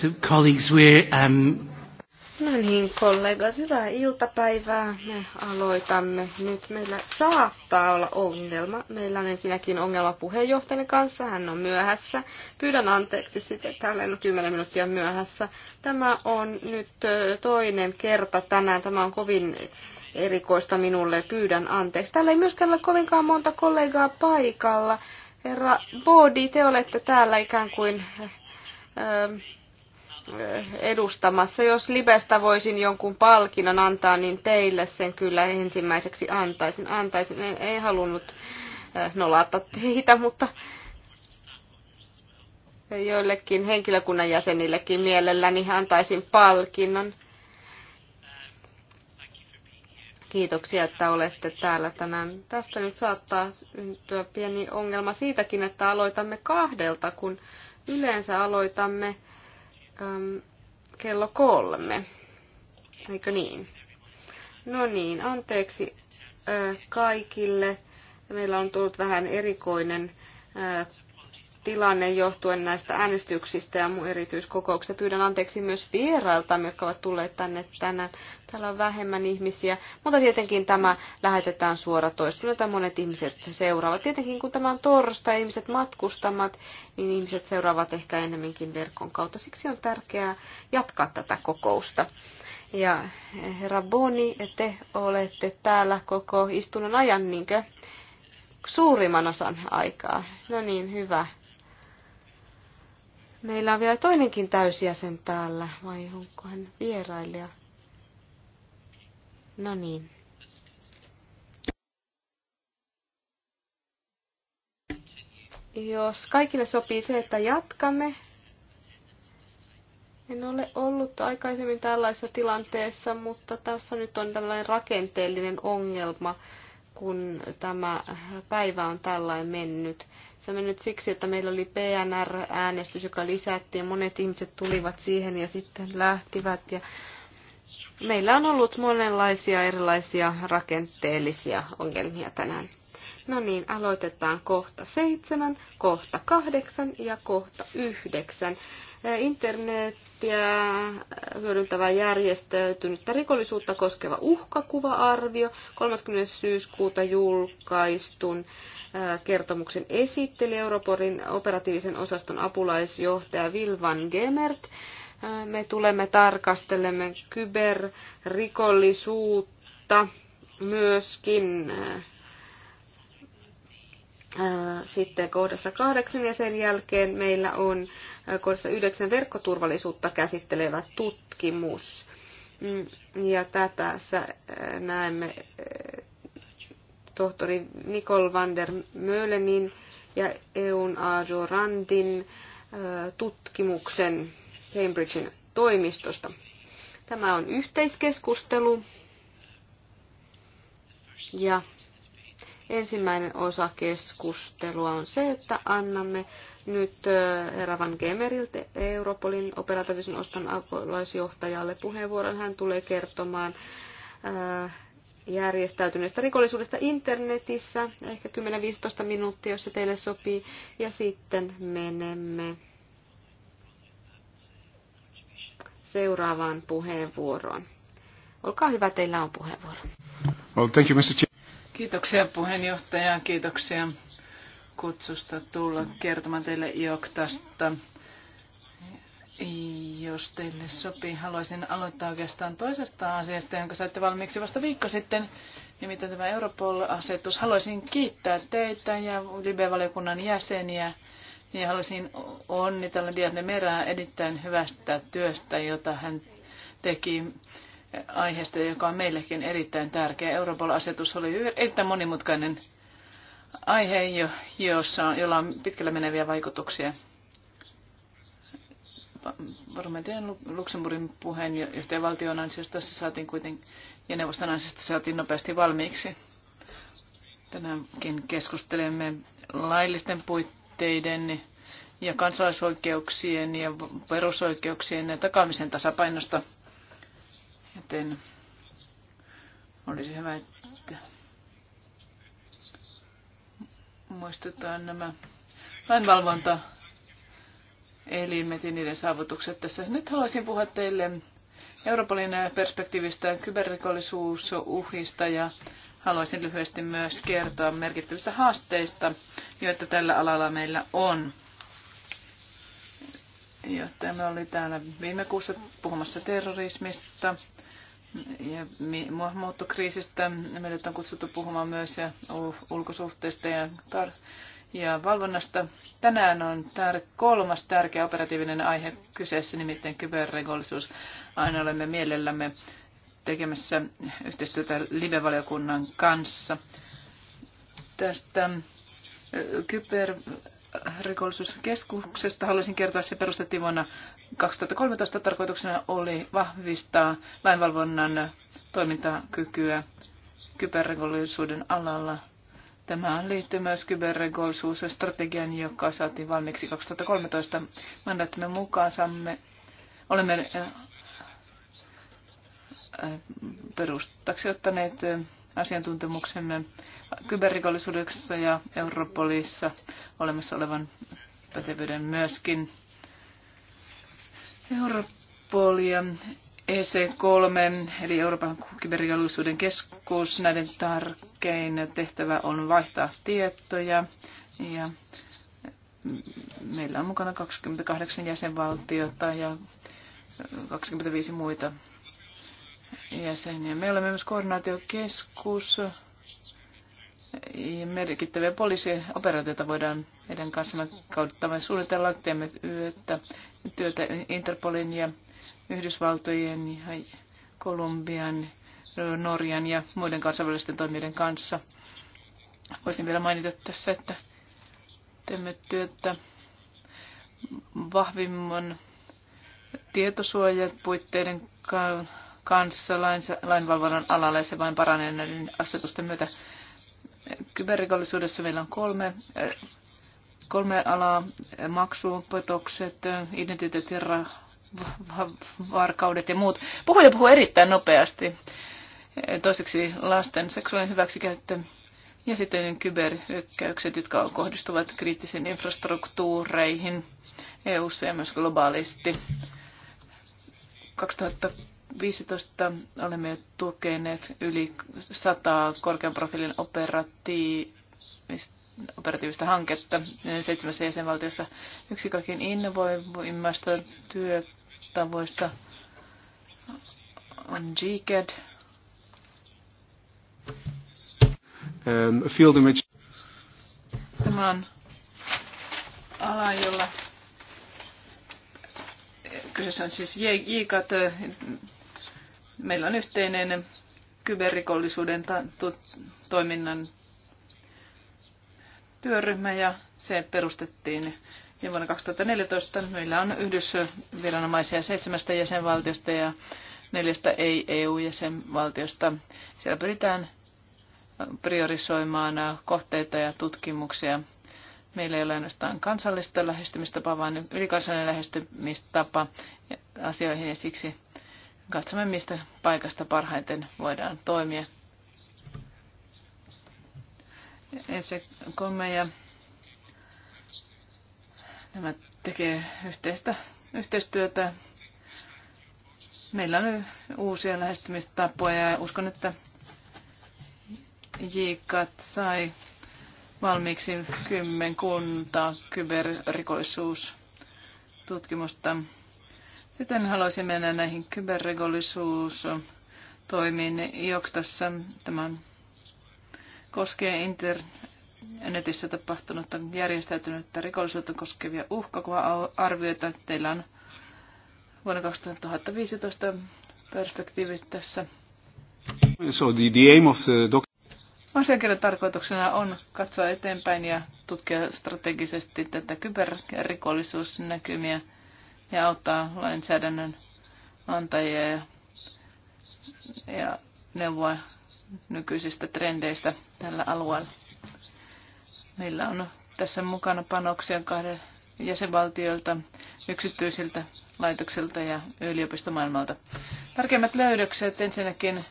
So, colleagues, we're, um... No niin, kollegat, hyvää iltapäivää. Me aloitamme nyt. Meillä saattaa olla ongelma. Meillä on ensinnäkin ongelma puheenjohtajan kanssa. Hän on myöhässä. Pyydän anteeksi sitten että hän on 10 minuuttia myöhässä. Tämä on nyt toinen kerta tänään. Tämä on kovin erikoista minulle. Pyydän anteeksi. Täällä ei myöskään ole kovinkaan monta kollegaa paikalla. Herra Bodi, te olette täällä ikään kuin... Öö, edustamassa. Jos Libestä voisin jonkun palkinnon antaa, niin teille sen kyllä ensimmäiseksi antaisin. antaisin. En, en halunnut äh, nolata teitä, mutta joillekin henkilökunnan jäsenillekin mielelläni antaisin palkinnon. Kiitoksia, että olette täällä tänään. Tästä nyt saattaa syntyä pieni ongelma siitäkin, että aloitamme kahdelta, kun yleensä aloitamme um, kello kolme. Eikö niin? No niin, anteeksi äh, kaikille. Meillä on tullut vähän erikoinen äh, tilanne johtuen näistä äänestyksistä ja muun erityiskokouksista. Pyydän anteeksi myös vierailta, jotka ovat tulleet tänne tänään. Täällä on vähemmän ihmisiä, mutta tietenkin tämä lähetetään suora suoratoistona, jota monet ihmiset seuraavat. Tietenkin kun tämä on torstai, ihmiset matkustamat, niin ihmiset seuraavat ehkä enemmänkin verkon kautta. Siksi on tärkeää jatkaa tätä kokousta. Ja eh, herra Boni, te olette täällä koko istunnon ajan, niinkö? Suurimman osan aikaa. No niin, hyvä Meillä on vielä toinenkin täysjäsen täällä, vai onko hän vierailija? No niin. Jos kaikille sopii se, että jatkamme. En ole ollut aikaisemmin tällaisessa tilanteessa, mutta tässä nyt on tällainen rakenteellinen ongelma, kun tämä päivä on tällainen mennyt. Se meni nyt siksi, että meillä oli PNR-äänestys, joka lisättiin. Monet ihmiset tulivat siihen ja sitten lähtivät. Ja meillä on ollut monenlaisia erilaisia rakenteellisia ongelmia tänään. No niin, aloitetaan kohta seitsemän, kohta kahdeksan ja kohta yhdeksän. Internetiä hyödyntävä järjestäytynyttä rikollisuutta koskeva uhkakuva-arvio 30. syyskuuta julkaistun kertomuksen esitteli Europorin operatiivisen osaston apulaisjohtaja Vilvan Gemert. Me tulemme tarkastelemme kyberrikollisuutta myöskin sitten kohdassa kahdeksan ja sen jälkeen meillä on kohdassa yhdeksän verkkoturvallisuutta käsittelevä tutkimus. Mm, ja tätä näemme tohtori Nicole van der Mölenin ja EUn Ajo Randin tutkimuksen Cambridgein toimistosta. Tämä on yhteiskeskustelu ja ensimmäinen osa keskustelua on se, että annamme nyt herra Van Gemeriltä Europolin operatiivisen ostan apulaisjohtajalle puheenvuoron. Hän tulee kertomaan järjestäytyneestä rikollisuudesta internetissä, ehkä 10-15 minuuttia, jos se teille sopii, ja sitten menemme seuraavaan puheenvuoroon. Olkaa hyvä, teillä on puheenvuoro. Well, thank you, Mr. Kiitoksia puheenjohtaja, kiitoksia kutsusta tulla kertomaan teille Joktasta jos teille sopii, haluaisin aloittaa oikeastaan toisesta asiasta, jonka saitte valmiiksi vasta viikko sitten, nimittäin tämä Europol-asetus. Haluaisin kiittää teitä ja Libe-valiokunnan jäseniä. Ja haluaisin onnitella Diatne Merää erittäin hyvästä työstä, jota hän teki aiheesta, joka on meillekin erittäin tärkeä. Europol-asetus oli erittäin monimutkainen aihe, jossa, jolla on pitkällä meneviä vaikutuksia Parlamentin Luxemburgin puheenjohtajavaltion ansiosta se saatiin kuitenkin, ja neuvoston ansiosta saatiin nopeasti valmiiksi. Tänäänkin keskustelemme laillisten puitteiden ja kansalaisoikeuksien ja perusoikeuksien takaamisen tasapainosta. Joten olisi hyvä, että muistetaan nämä lainvalvonta elimet ja niiden saavutukset tässä. Nyt haluaisin puhua teille Euroopan perspektiivistä kyberrikollisuusuhista ja haluaisin lyhyesti myös kertoa merkittävistä haasteista, joita tällä alalla meillä on. Johtaja, me oli täällä viime kuussa puhumassa terrorismista ja muuttokriisistä. Meidät on kutsuttu puhumaan myös ulkosuhteista ja tar- ja valvonnasta. Tänään on tär- kolmas tärkeä operatiivinen aihe kyseessä, nimittäin kyberrikollisuus. Aina olemme mielellämme tekemässä yhteistyötä live-valiokunnan kanssa. Tästä kyberrikollisuuskeskuksesta haluaisin kertoa, se perustettiin vuonna 2013. Tarkoituksena oli vahvistaa lainvalvonnan toimintakykyä kyberrikollisuuden alalla Tämä liittyy myös strategian, joka saatiin valmiiksi 2013 mandaattimme mukaan. Saamme, olemme äh, äh, perustaksi ottaneet äh, asiantuntemuksemme kyberrikollisuudessa ja Europolissa olemassa olevan pätevyyden myöskin. Europolia EC3, eli Euroopan kiberijallisuuden keskus, näiden tärkein tehtävä on vaihtaa tietoja. Ja meillä on mukana 28 jäsenvaltiota ja 25 muita jäseniä. Me olemme myös koordinaatiokeskus. Ja merkittäviä poliisioperaatioita voidaan meidän kanssamme kautta me suunnitella. Teemme yötä, työtä Interpolin ja Yhdysvaltojen ja Kolumbian, Norjan ja muiden kansainvälisten toimijoiden kanssa. Voisin vielä mainita tässä, että teemme työtä vahvimman tietosuojapuitteiden kanssa lainvalvonnan alalla ja se vain paranee näiden asetusten myötä. Kyberrikollisuudessa meillä on kolme, kolme alaa, maksupetokset, identiteettirahoitus, varkaudet ja muut. Puhuja puhuu erittäin nopeasti. Toiseksi lasten seksuaalinen hyväksikäyttö ja sitten kyberhyökkäykset, jotka kohdistuvat kriittisiin infrastruktuureihin eu ja myös globaalisti. 2015 olemme jo tukeneet yli 100 korkean profiilin operatiivista operatiivista hanketta seitsemässä jäsenvaltiossa. Yksi kaikkein innovoivimmasta työ, tavoista on GCAD. E um, field image Tämä on ala, jolla kyseessä on siis JICAT. E Meillä on yhteinen kyberrikollisuuden toiminnan työryhmä ja se perustettiin ja vuonna 2014 meillä on yhdysviranomaisia seitsemästä jäsenvaltiosta ja neljästä ei-EU-jäsenvaltiosta. Siellä pyritään priorisoimaan kohteita ja tutkimuksia. Meillä ei ole ainoastaan kansallista lähestymistapaa, vaan ylikansallinen lähestymistapa asioihin ja siksi katsomme, mistä paikasta parhaiten voidaan toimia. Ensi ja Nämä tekee yhteistä, yhteistyötä. Meillä on uusia lähestymistapoja ja uskon, että Jikat sai valmiiksi kymmenkunta kyberrikollisuustutkimusta. tutkimusta. Sitten haluaisin mennä näihin kyberrikollisuustoimiin Joktassa. Tämä koskee inter- netissä tapahtunutta järjestäytynyttä rikollisuutta koskevia uhkakuva-arvioita. Teillä on vuonna 2015 perspektiivit tässä. So the, the aim of the Asiakirjan tarkoituksena on katsoa eteenpäin ja tutkia strategisesti tätä kyberrikollisuusnäkymiä ja auttaa lainsäädännön antajia ja, ja neuvoa nykyisistä trendeistä tällä alueella. Meillä on tässä mukana panoksia kahden jäsenvaltioilta, yksityisiltä laitoksilta ja yliopistomaailmalta. Tärkeimmät löydökset ensinnäkin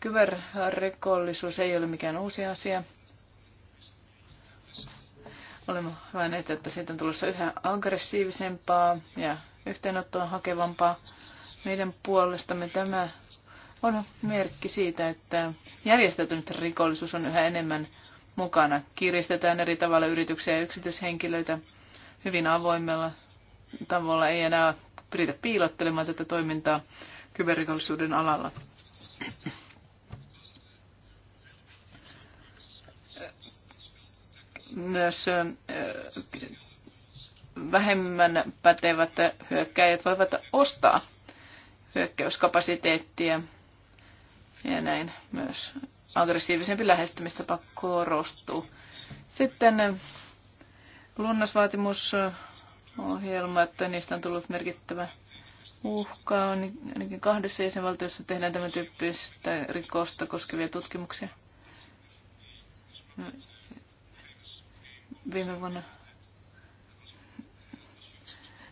kyberrikollisuus ei ole mikään uusi asia. Olemme havainneet, että siitä on tulossa yhä aggressiivisempaa ja yhteenottoa hakevampaa. Meidän puolestamme tämä on merkki siitä, että järjestäytynyt rikollisuus on yhä enemmän mukana. Kiristetään eri tavalla yrityksiä ja yksityishenkilöitä hyvin avoimella tavalla. Ei enää pyritä piilottelemaan tätä toimintaa kyberrikollisuuden alalla. Myös vähemmän pätevät hyökkäjät voivat ostaa hyökkäyskapasiteettia ja näin myös aggressiivisempi lähestymistapa korostuu. Sitten että niistä on tullut merkittävä uhka. Ainakin kahdessa jäsenvaltiossa tehdään tämän tyyppistä rikosta koskevia tutkimuksia. Viime vuonna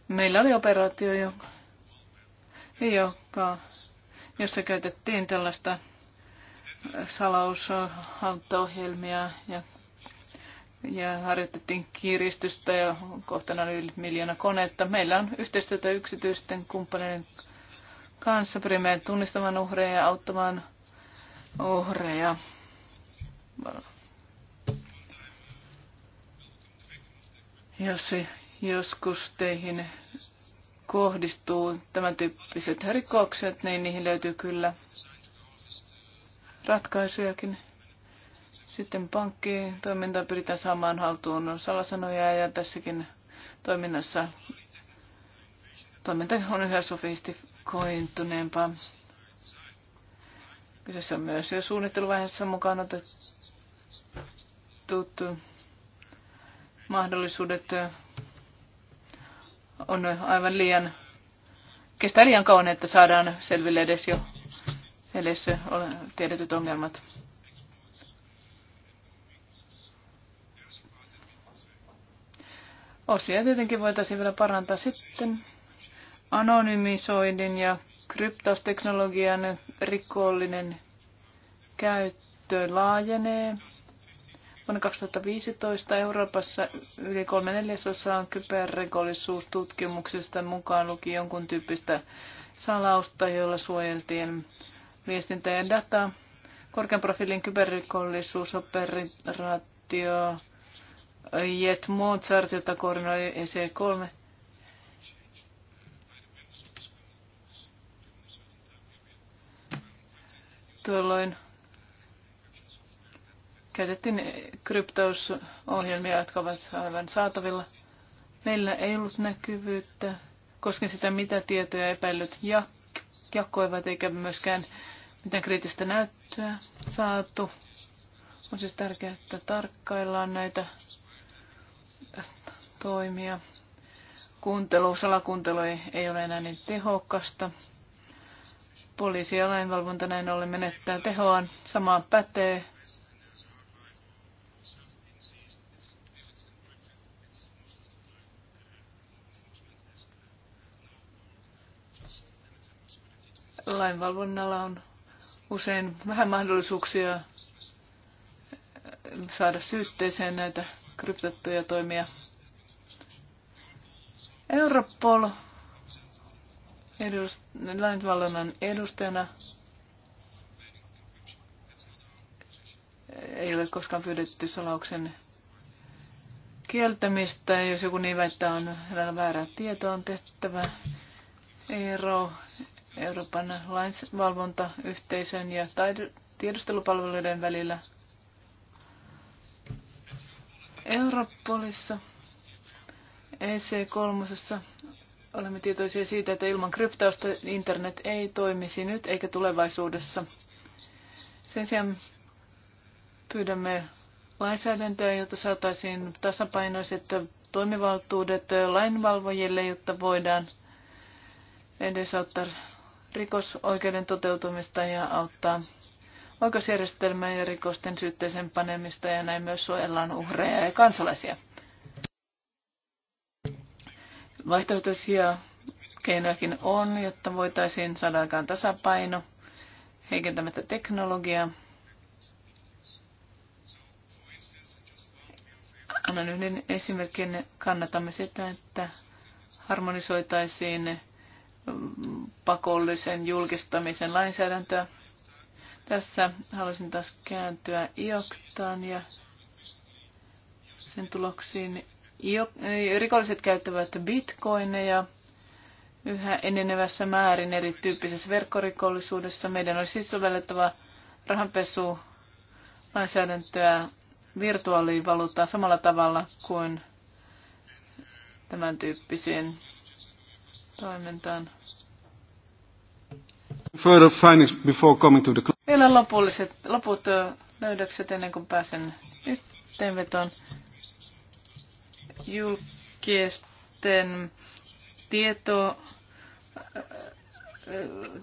meillä oli operaatio, joka, jossa käytettiin tällaista salaushalttaohjelmia ja, ja harjoitettiin kiristystä ja kohtana oli yli miljoona konetta. Meillä on yhteistyötä yksityisten kumppaneiden kanssa pyrimme tunnistamaan uhreja ja auttamaan uhreja. Jos joskus teihin kohdistuu tämän tyyppiset rikokset, niin niihin löytyy kyllä ratkaisujakin. Sitten pankkitoimintaa pyritään saamaan haltuun salasanoja ja tässäkin toiminnassa toiminta on yhä sofistikointuneempaa. Kyseessä on myös jo suunnitteluvaiheessa mukaan otetut mahdollisuudet on aivan liian, kestää liian kauan, että saadaan selville edes jo edessä tiedetyt ongelmat. Osia tietenkin voitaisiin vielä parantaa sitten anonymisoinnin ja kryptosteknologian rikollinen käyttö laajenee. Vuonna 2015 Euroopassa yli kolme neljäsosaa on kyberrikollisuustutkimuksista mukaan luki jonkun tyyppistä salausta, jolla suojeltiin viestintää ja dataa. Korkean profiilin kyberrikollisuusoperaatio Jet Mozart, jota koordinoi EC3. Tuolloin käytettiin kryptausohjelmia, jotka ovat aivan saatavilla. Meillä ei ollut näkyvyyttä koskien sitä, mitä tietoja epäilyt jakoivat, eikä myöskään miten kriittistä näyttöä saatu. On siis tärkeää, että tarkkaillaan näitä toimia. Kuuntelu, salakuuntelu ei, ei ole enää niin tehokasta. Poliisi ja lainvalvonta näin ollen menettää tehoaan. Sama pätee lainvalvonnalla on usein vähän mahdollisuuksia saada syytteeseen näitä kryptattuja toimia. Europol edust- lainvalvonnan edustajana ei ole koskaan pyydetty salauksen kieltämistä. Jos joku niin väittää, on väärää tietoa, on tehtävä ero Euroopan lainvalvontayhteisön ja tiedustelupalveluiden välillä. Europolissa EC3 olemme tietoisia siitä, että ilman kryptausta internet ei toimisi nyt eikä tulevaisuudessa. Sen sijaan pyydämme lainsäädäntöä, jotta saataisiin tasapainoiset toimivaltuudet lainvalvojille, jotta voidaan edesauttaa rikosoikeuden toteutumista ja auttaa oikeusjärjestelmää ja rikosten syytteeseen panemista ja näin myös suojellaan uhreja ja kansalaisia. Vaihtoehtoisia keinojakin on, jotta voitaisiin saada aikaan tasapaino heikentämättä teknologiaa. Annan yhden esimerkin. Kannatamme sitä, että harmonisoitaisiin pakollisen julkistamisen lainsäädäntöä. Tässä haluaisin taas kääntyä Ioktaan ja sen tuloksiin. Rikolliset käyttävät bitcoineja yhä enenevässä määrin erityyppisessä verkkorikollisuudessa. Meidän olisi siis sovellettava rahanpesu lainsäädäntöä virtuaalivaluuttaa samalla tavalla kuin tämän tyyppisiin toimintaan. Further findings before coming to the... Vielä lopulliset, loput löydökset ennen kuin pääsen yhteenvetoon. Julkisten tieto,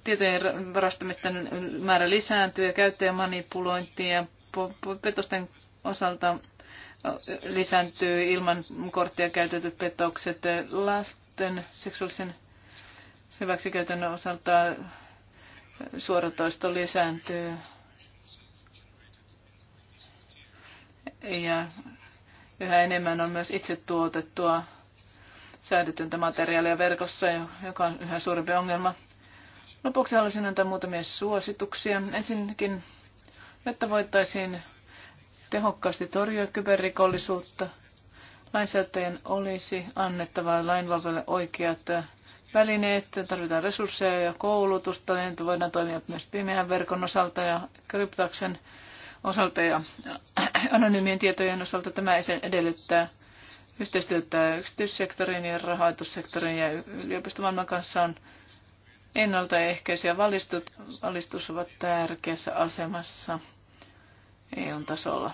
tietojen varastamisten määrä lisääntyy ja käyttäjän manipulointia ja petosten osalta lisääntyy ilman korttia käytetyt petokset. Lasten seksuaalisen hyväksikäytön osalta suoratoisto lisääntyy ja yhä enemmän on myös itse tuotettua säädetyntä materiaalia verkossa, joka on yhä suurempi ongelma. Lopuksi haluaisin antaa muutamia suosituksia. Ensinnäkin, jotta voitaisiin tehokkaasti torjua kyberrikollisuutta, lainsäätäjän olisi annettava lainvalvojalle oikeat välineet, tarvitaan resursseja ja koulutusta, niin voidaan toimia myös pimeän verkon osalta ja kryptauksen osalta ja anonyymien tietojen osalta. Tämä edellyttää yhteistyötä yksityissektorin ja rahoitussektorin ja yliopistomaailman kanssa on ennaltaehkäisy ja valistus, valistus ovat tärkeässä asemassa eu tasolla.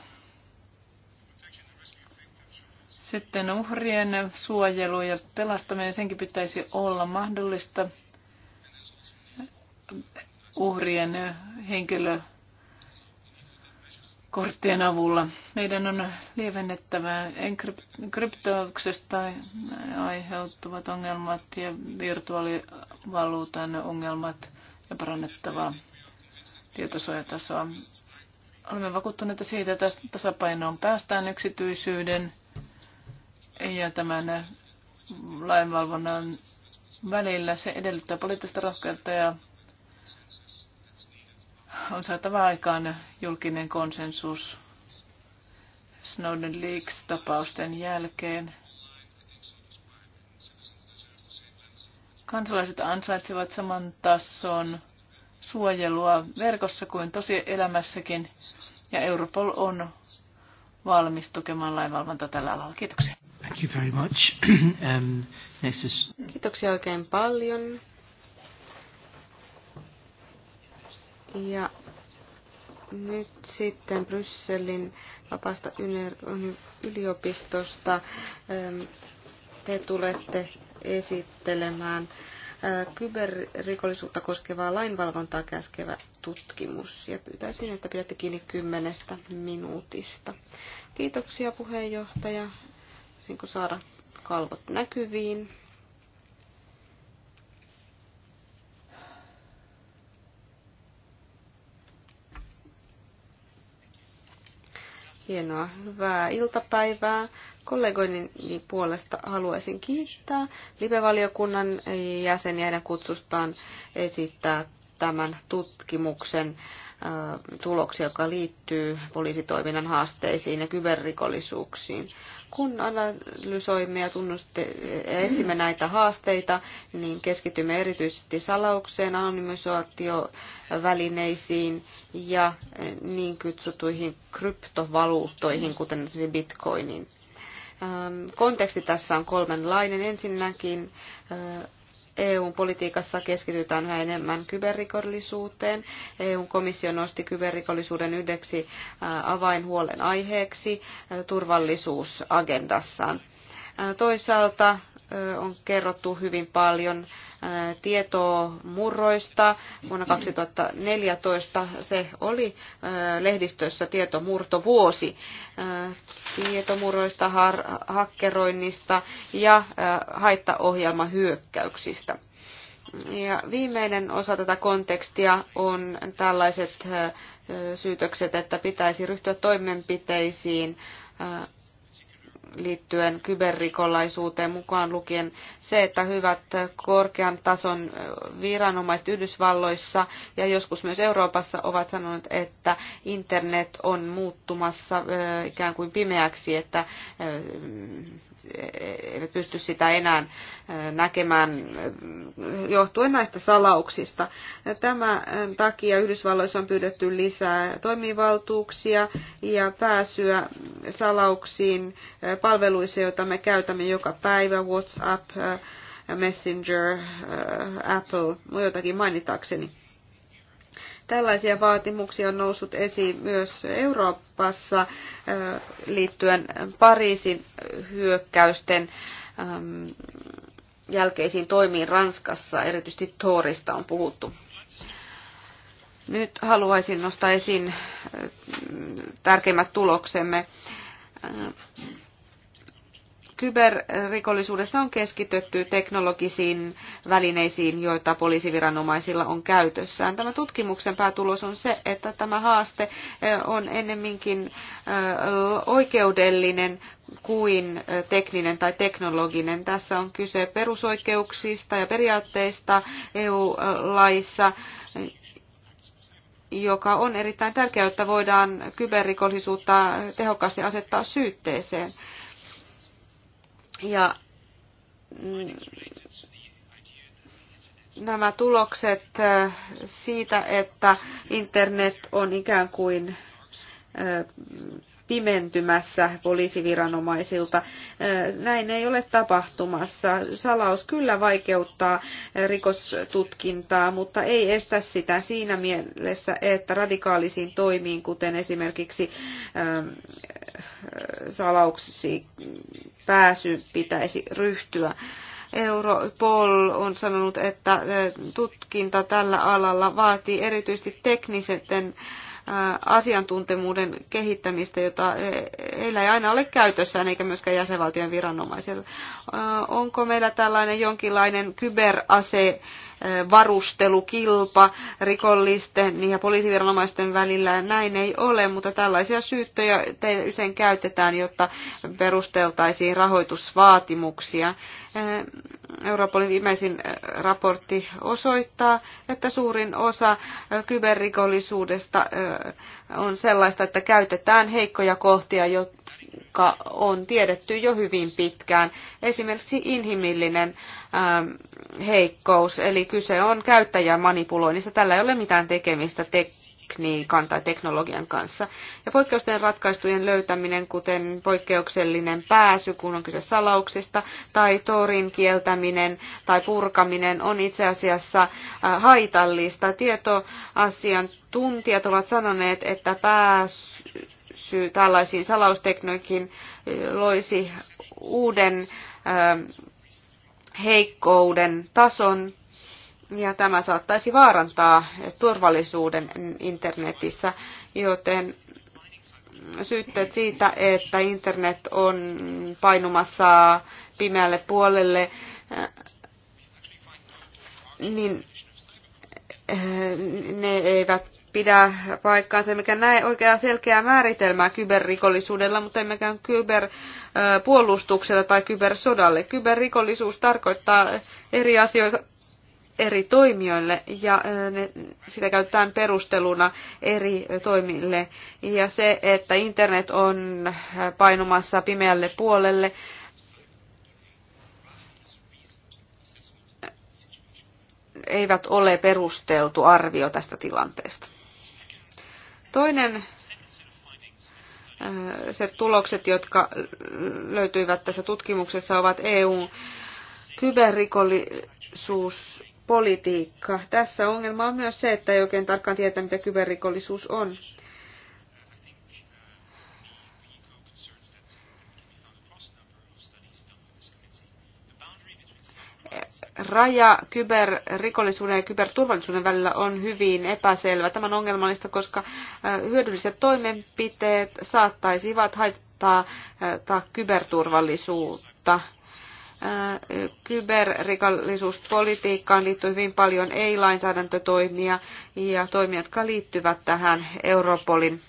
Sitten uhrien suojelu ja pelastaminen, senkin pitäisi olla mahdollista. Uhrien henkilökorttien avulla. Meidän on lievennettävä kryptouksesta aiheuttuvat ongelmat ja virtuaalivaluutan ongelmat ja parannettavaa tietosuojatasoa. Olemme vakuuttuneita siitä, että tasapainoon päästään yksityisyyden ja tämän lainvalvonnan välillä. Se edellyttää poliittista rohkeutta ja on saatava aikaan julkinen konsensus Snowden Leaks-tapausten jälkeen. Kansalaiset ansaitsevat saman tason suojelua verkossa kuin tosielämässäkin, ja Europol on valmis tukemaan lainvalvonta tällä alalla. Kiitoksia. Thank you very much. um, next is... Kiitoksia oikein paljon. Ja nyt sitten Brysselin vapaasta yliopistosta ähm, te tulette esittelemään äh, kyberrikollisuutta koskevaa lainvalvontaa käskevä tutkimus. Ja pyytäisin, että pidätte kiinni kymmenestä minuutista. Kiitoksia puheenjohtaja voisinko saada kalvot näkyviin. Hienoa, hyvää iltapäivää. Kollegoini puolesta haluaisin kiittää live-valiokunnan jäseniä ja kutsustaan esittää tämän tutkimuksen äh, tuloksia, joka liittyy poliisitoiminnan haasteisiin ja kyberrikollisuuksiin. Kun analysoimme ja etsimme näitä haasteita, niin keskitymme erityisesti salaukseen, anonymisaatiovälineisiin ja eh, niin kutsutuihin kryptovaluuttoihin, kuten bitcoinin. Ähm, konteksti tässä on kolmenlainen. Ensinnäkin äh, EU-politiikassa keskitytään yhä enemmän kyberrikollisuuteen. EU-komissio nosti kyberrikollisuuden yhdeksi avainhuolen aiheeksi turvallisuusagendassaan. Toisaalta on kerrottu hyvin paljon tietoa murroista. Vuonna 2014 se oli lehdistössä tietomurtovuosi tietomurroista, har- hakkeroinnista ja haittaohjelmahyökkäyksistä. Ja viimeinen osa tätä kontekstia on tällaiset syytökset, että pitäisi ryhtyä toimenpiteisiin liittyen kyberrikollisuuteen mukaan lukien se, että hyvät korkean tason viranomaiset Yhdysvalloissa ja joskus myös Euroopassa ovat sanoneet, että internet on muuttumassa ikään kuin pimeäksi, että ei pysty sitä enää näkemään johtuen näistä salauksista. Tämän takia Yhdysvalloissa on pyydetty lisää toimivaltuuksia ja pääsyä salauksiin palveluissa, joita me käytämme joka päivä, WhatsApp, äh, Messenger, äh, Apple, joitakin mainitakseni. Tällaisia vaatimuksia on noussut esiin myös Euroopassa äh, liittyen Pariisin hyökkäysten ähm, jälkeisiin toimiin Ranskassa, erityisesti Toorista on puhuttu. Nyt haluaisin nostaa esiin tärkeimmät tuloksemme. Kyberrikollisuudessa on keskitytty teknologisiin välineisiin, joita poliisiviranomaisilla on käytössään. Tämä tutkimuksen päätulos on se, että tämä haaste on ennemminkin oikeudellinen kuin tekninen tai teknologinen. Tässä on kyse perusoikeuksista ja periaatteista EU-laissa joka on erittäin tärkeää, että voidaan kyberrikollisuutta tehokkaasti asettaa syytteeseen. Ja mm, nämä tulokset äh, siitä, että internet on ikään kuin äh, pimentymässä poliisiviranomaisilta. Äh, näin ei ole tapahtumassa. Salaus kyllä vaikeuttaa rikostutkintaa, mutta ei estä sitä siinä mielessä, että radikaalisiin toimiin, kuten esimerkiksi ähm, salauksesi pääsy pitäisi ryhtyä. Europol on sanonut, että äh, tutkinta tällä alalla vaatii erityisesti teknisen äh, asiantuntemuuden kehittämistä, jota äh, heillä ei aina ole käytössään eikä myöskään jäsenvaltion viranomaisilla. Onko meillä tällainen jonkinlainen kyberase varustelukilpa rikollisten ja poliisiviranomaisten välillä. Näin ei ole, mutta tällaisia syyttöjä usein käytetään, jotta perusteltaisiin rahoitusvaatimuksia. Europolin viimeisin raportti osoittaa, että suurin osa kyberrikollisuudesta on sellaista, että käytetään heikkoja kohtia, jotka on tiedetty jo hyvin pitkään. Esimerkiksi inhimillinen heikkous, eli kyse on käyttäjän manipuloinnista. Tällä ei ole mitään tekemistä tekniikan tai teknologian kanssa. Ja poikkeusten ratkaistujen löytäminen, kuten poikkeuksellinen pääsy, kun on kyse salauksista, tai torin kieltäminen tai purkaminen, on itse asiassa äh, haitallista. Tietoasiantuntijat ovat sanoneet, että pääsy tällaisiin salausteknoikin äh, loisi uuden ähm, heikkouden tason ja tämä saattaisi vaarantaa turvallisuuden internetissä, joten syytteet siitä, että internet on painumassa pimeälle puolelle, niin eh, ne eivät pidä paikkaansa, mikä näe oikeaa selkeää määritelmää kyberrikollisuudella, mutta emmekään kyberpuolustuksella tai kybersodalle. Kyberrikollisuus tarkoittaa eri asioita eri toimijoille ja ne, sitä käytetään perusteluna eri toimille. Ja se, että internet on painumassa pimeälle puolelle, eivät ole perusteltu arvio tästä tilanteesta. Toinen äh, se tulokset, jotka löytyivät tässä tutkimuksessa, ovat EUn kyberrikollisuuspolitiikka. Tässä ongelma on myös se, että ei oikein tarkkaan tietää, mitä kyberrikollisuus on. raja kyberrikollisuuden ja kyberturvallisuuden välillä on hyvin epäselvä. Tämä on ongelmallista, koska hyödylliset toimenpiteet saattaisivat haittaa kyberturvallisuutta kyberrikollisuuspolitiikkaan liittyy hyvin paljon ei-lainsäädäntötoimia ja toimia, jotka liittyvät tähän Europolin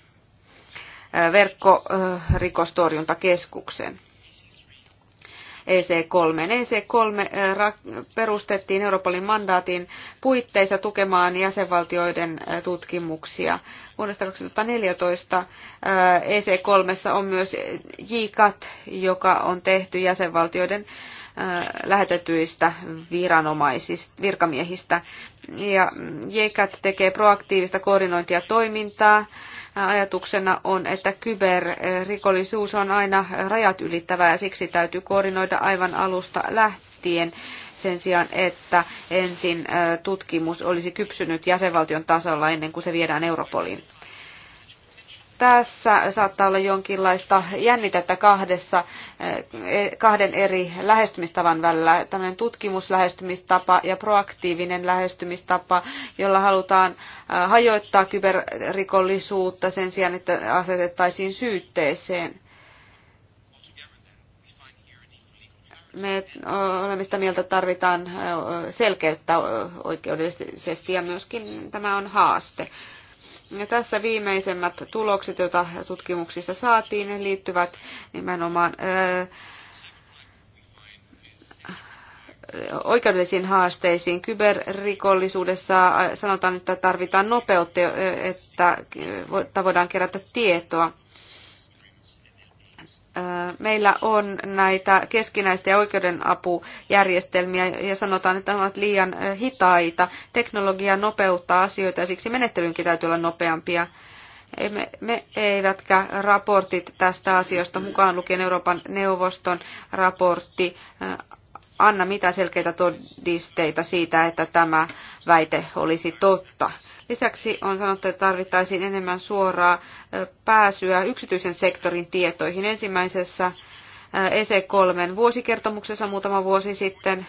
verkkorikostorjuntakeskukseen. EC3. EC3 äh, perustettiin Euroopan mandaatin puitteissa tukemaan jäsenvaltioiden äh, tutkimuksia. Vuodesta 2014 äh, EC3 on myös JICAT, joka on tehty jäsenvaltioiden lähetetyistä viranomaisista, virkamiehistä. Ja mm, JICAT tekee proaktiivista koordinointia toimintaa ajatuksena on, että kyberrikollisuus on aina rajat ylittävää ja siksi täytyy koordinoida aivan alusta lähtien sen sijaan, että ensin tutkimus olisi kypsynyt jäsenvaltion tasolla ennen kuin se viedään Europoliin tässä saattaa olla jonkinlaista jännitettä kahdessa, eh, eh, kahden eri lähestymistavan välillä. Tämmöinen tutkimuslähestymistapa ja proaktiivinen lähestymistapa, jolla halutaan eh, hajoittaa kyberrikollisuutta sen sijaan, että asetettaisiin syytteeseen. Me olemme sitä mieltä, että tarvitaan selkeyttä oikeudellisesti ja myöskin tämä on haaste. Ja tässä viimeisemmät tulokset, joita tutkimuksissa saatiin, liittyvät nimenomaan oikeudellisiin haasteisiin. Kyberrikollisuudessa sanotaan, että tarvitaan nopeutta, että voidaan kerätä tietoa meillä on näitä keskinäisiä oikeudenapujärjestelmiä ja sanotaan, että ne ovat liian hitaita. Teknologia nopeuttaa asioita ja siksi menettelynkin täytyy olla nopeampia. Me, me eivätkä raportit tästä asiasta, mukaan lukien Euroopan neuvoston raportti, anna mitään selkeitä todisteita siitä, että tämä väite olisi totta. Lisäksi on sanottu, että tarvittaisiin enemmän suoraa pääsyä yksityisen sektorin tietoihin. Ensimmäisessä EC3 vuosikertomuksessa muutama vuosi sitten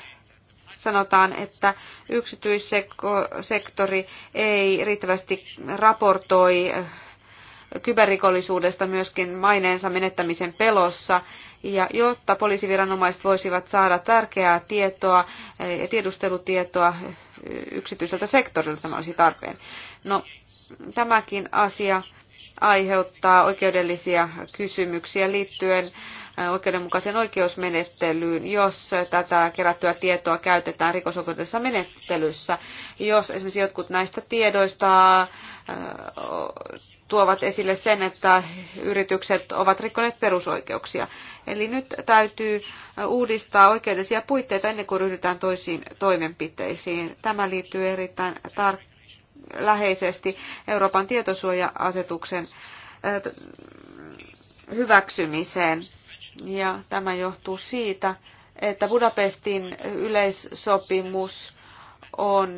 sanotaan, että yksityissektori ei riittävästi raportoi kyberrikollisuudesta myöskin maineensa menettämisen pelossa. Ja jotta poliisiviranomaiset voisivat saada tärkeää tietoa eh, ja tiedustelutietoa yksityiseltä sektorilta, tämä olisi tarpeen. No, tämäkin asia aiheuttaa oikeudellisia kysymyksiä liittyen eh, oikeudenmukaisen oikeusmenettelyyn, jos tätä kerättyä tietoa käytetään rikosoikeudellisessa menettelyssä. Jos esimerkiksi jotkut näistä tiedoista eh, tuovat esille sen, että yritykset ovat rikkoneet perusoikeuksia. Eli nyt täytyy uudistaa oikeudellisia puitteita ennen kuin ryhdytään toisiin toimenpiteisiin. Tämä liittyy erittäin tar- läheisesti Euroopan tietosuoja-asetuksen hyväksymiseen. Ja tämä johtuu siitä, että Budapestin yleissopimus on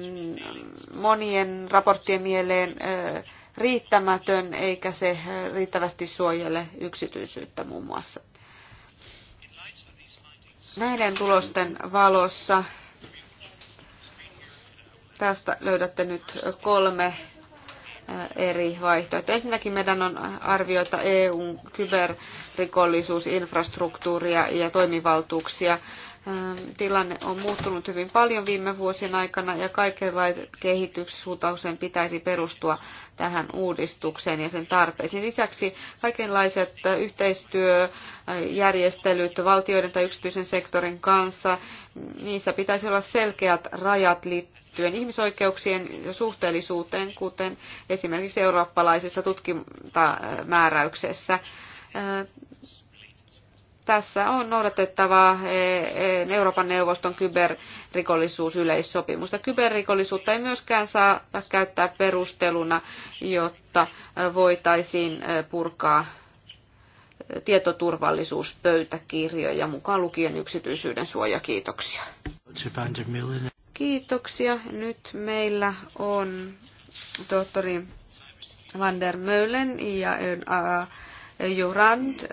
monien raporttien mieleen äh, riittämätön eikä se riittävästi suojele yksityisyyttä muun muassa. Näiden tulosten valossa tästä löydätte nyt kolme eri vaihtoehtoja. Ensinnäkin meidän on arvioita EUn kyberrikollisuusinfrastruktuuria ja toimivaltuuksia Ähm, tilanne on muuttunut hyvin paljon viime vuosien aikana ja kaikenlaisen kehityssuuntauksen pitäisi perustua tähän uudistukseen ja sen tarpeisiin. Lisäksi kaikenlaiset äh, yhteistyöjärjestelyt valtioiden tai yksityisen sektorin kanssa, niissä pitäisi olla selkeät rajat liittyen ihmisoikeuksien ja suhteellisuuteen, kuten esimerkiksi eurooppalaisessa tutkintamääräyksessä äh, äh, tässä on noudatettava eh, eh, Euroopan neuvoston kyberrikollisuusyleissopimusta. Kyberrikollisuutta ei myöskään saa käyttää perusteluna, jotta eh, voitaisiin purkaa tietoturvallisuuspöytäkirjoja, mukaan lukien yksityisyyden suoja. Kiitoksia. Kiitoksia. Nyt meillä on tohtori Van der Meulen ja Jurand äh,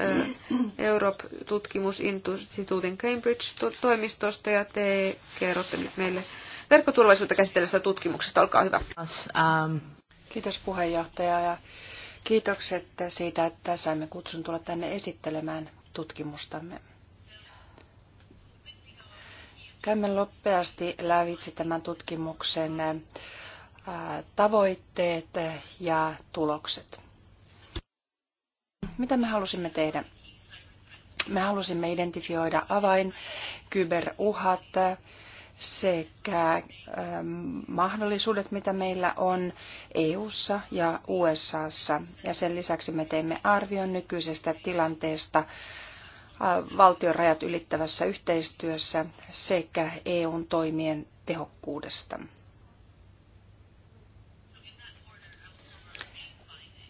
Europe-tutkimusinstituutin Cambridge-toimistosta ja te kerrotte nyt meille verkkoturvallisuutta käsitellessä tutkimuksesta. Olkaa hyvä. Um, Kiitos puheenjohtaja ja kiitokset siitä, että saimme kutsun tulla tänne esittelemään tutkimustamme. Käymme loppeasti lävitse tämän tutkimuksen äh, tavoitteet ja tulokset. Mitä me halusimme tehdä? Me halusimme identifioida avain, kyberuhat sekä ähm, mahdollisuudet, mitä meillä on EU:ssa ja USAssa. Ja sen lisäksi me teimme arvion nykyisestä tilanteesta äh, valtion rajat ylittävässä yhteistyössä sekä EUn toimien tehokkuudesta.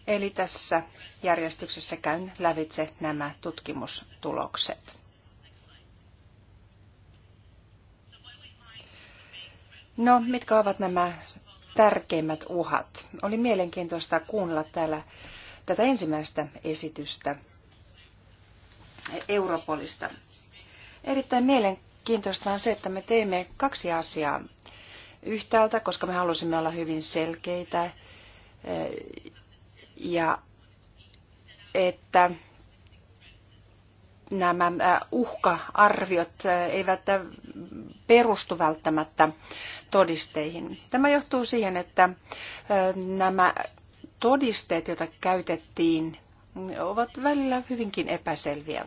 Eli tässä järjestyksessä käyn lävitse nämä tutkimustulokset. No, mitkä ovat nämä tärkeimmät uhat? Oli mielenkiintoista kuunnella täällä tätä ensimmäistä esitystä Europolista. Erittäin mielenkiintoista on se, että me teemme kaksi asiaa yhtäältä, koska me halusimme olla hyvin selkeitä ja että nämä äh, uhka-arviot äh, eivät äh, perustu välttämättä todisteihin. Tämä johtuu siihen, että nämä todisteet, joita käytettiin, ovat välillä hyvinkin epäselviä.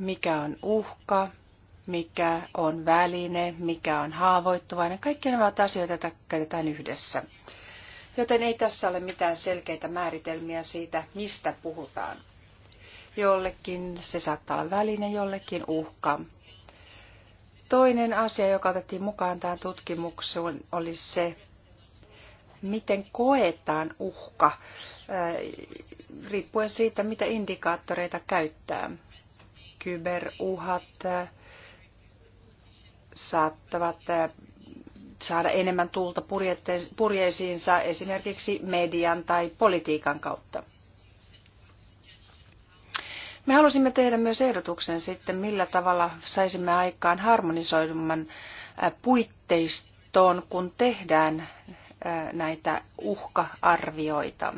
Mikä on uhka, mikä on väline, mikä on haavoittuvainen, kaikki nämä ovat asioita, joita käytetään yhdessä. Joten ei tässä ole mitään selkeitä määritelmiä siitä, mistä puhutaan. Jollekin se saattaa olla väline, jollekin uhka. Toinen asia, joka otettiin mukaan tähän tutkimukseen, oli se, miten koetaan uhka, äh, riippuen siitä, mitä indikaattoreita käyttää. Kyberuhat äh, saattavat äh, saada enemmän tulta purjeisiinsa esimerkiksi median tai politiikan kautta. Me halusimme tehdä myös ehdotuksen sitten, millä tavalla saisimme aikaan harmonisoidumman puitteistoon, kun tehdään näitä uhka-arvioita.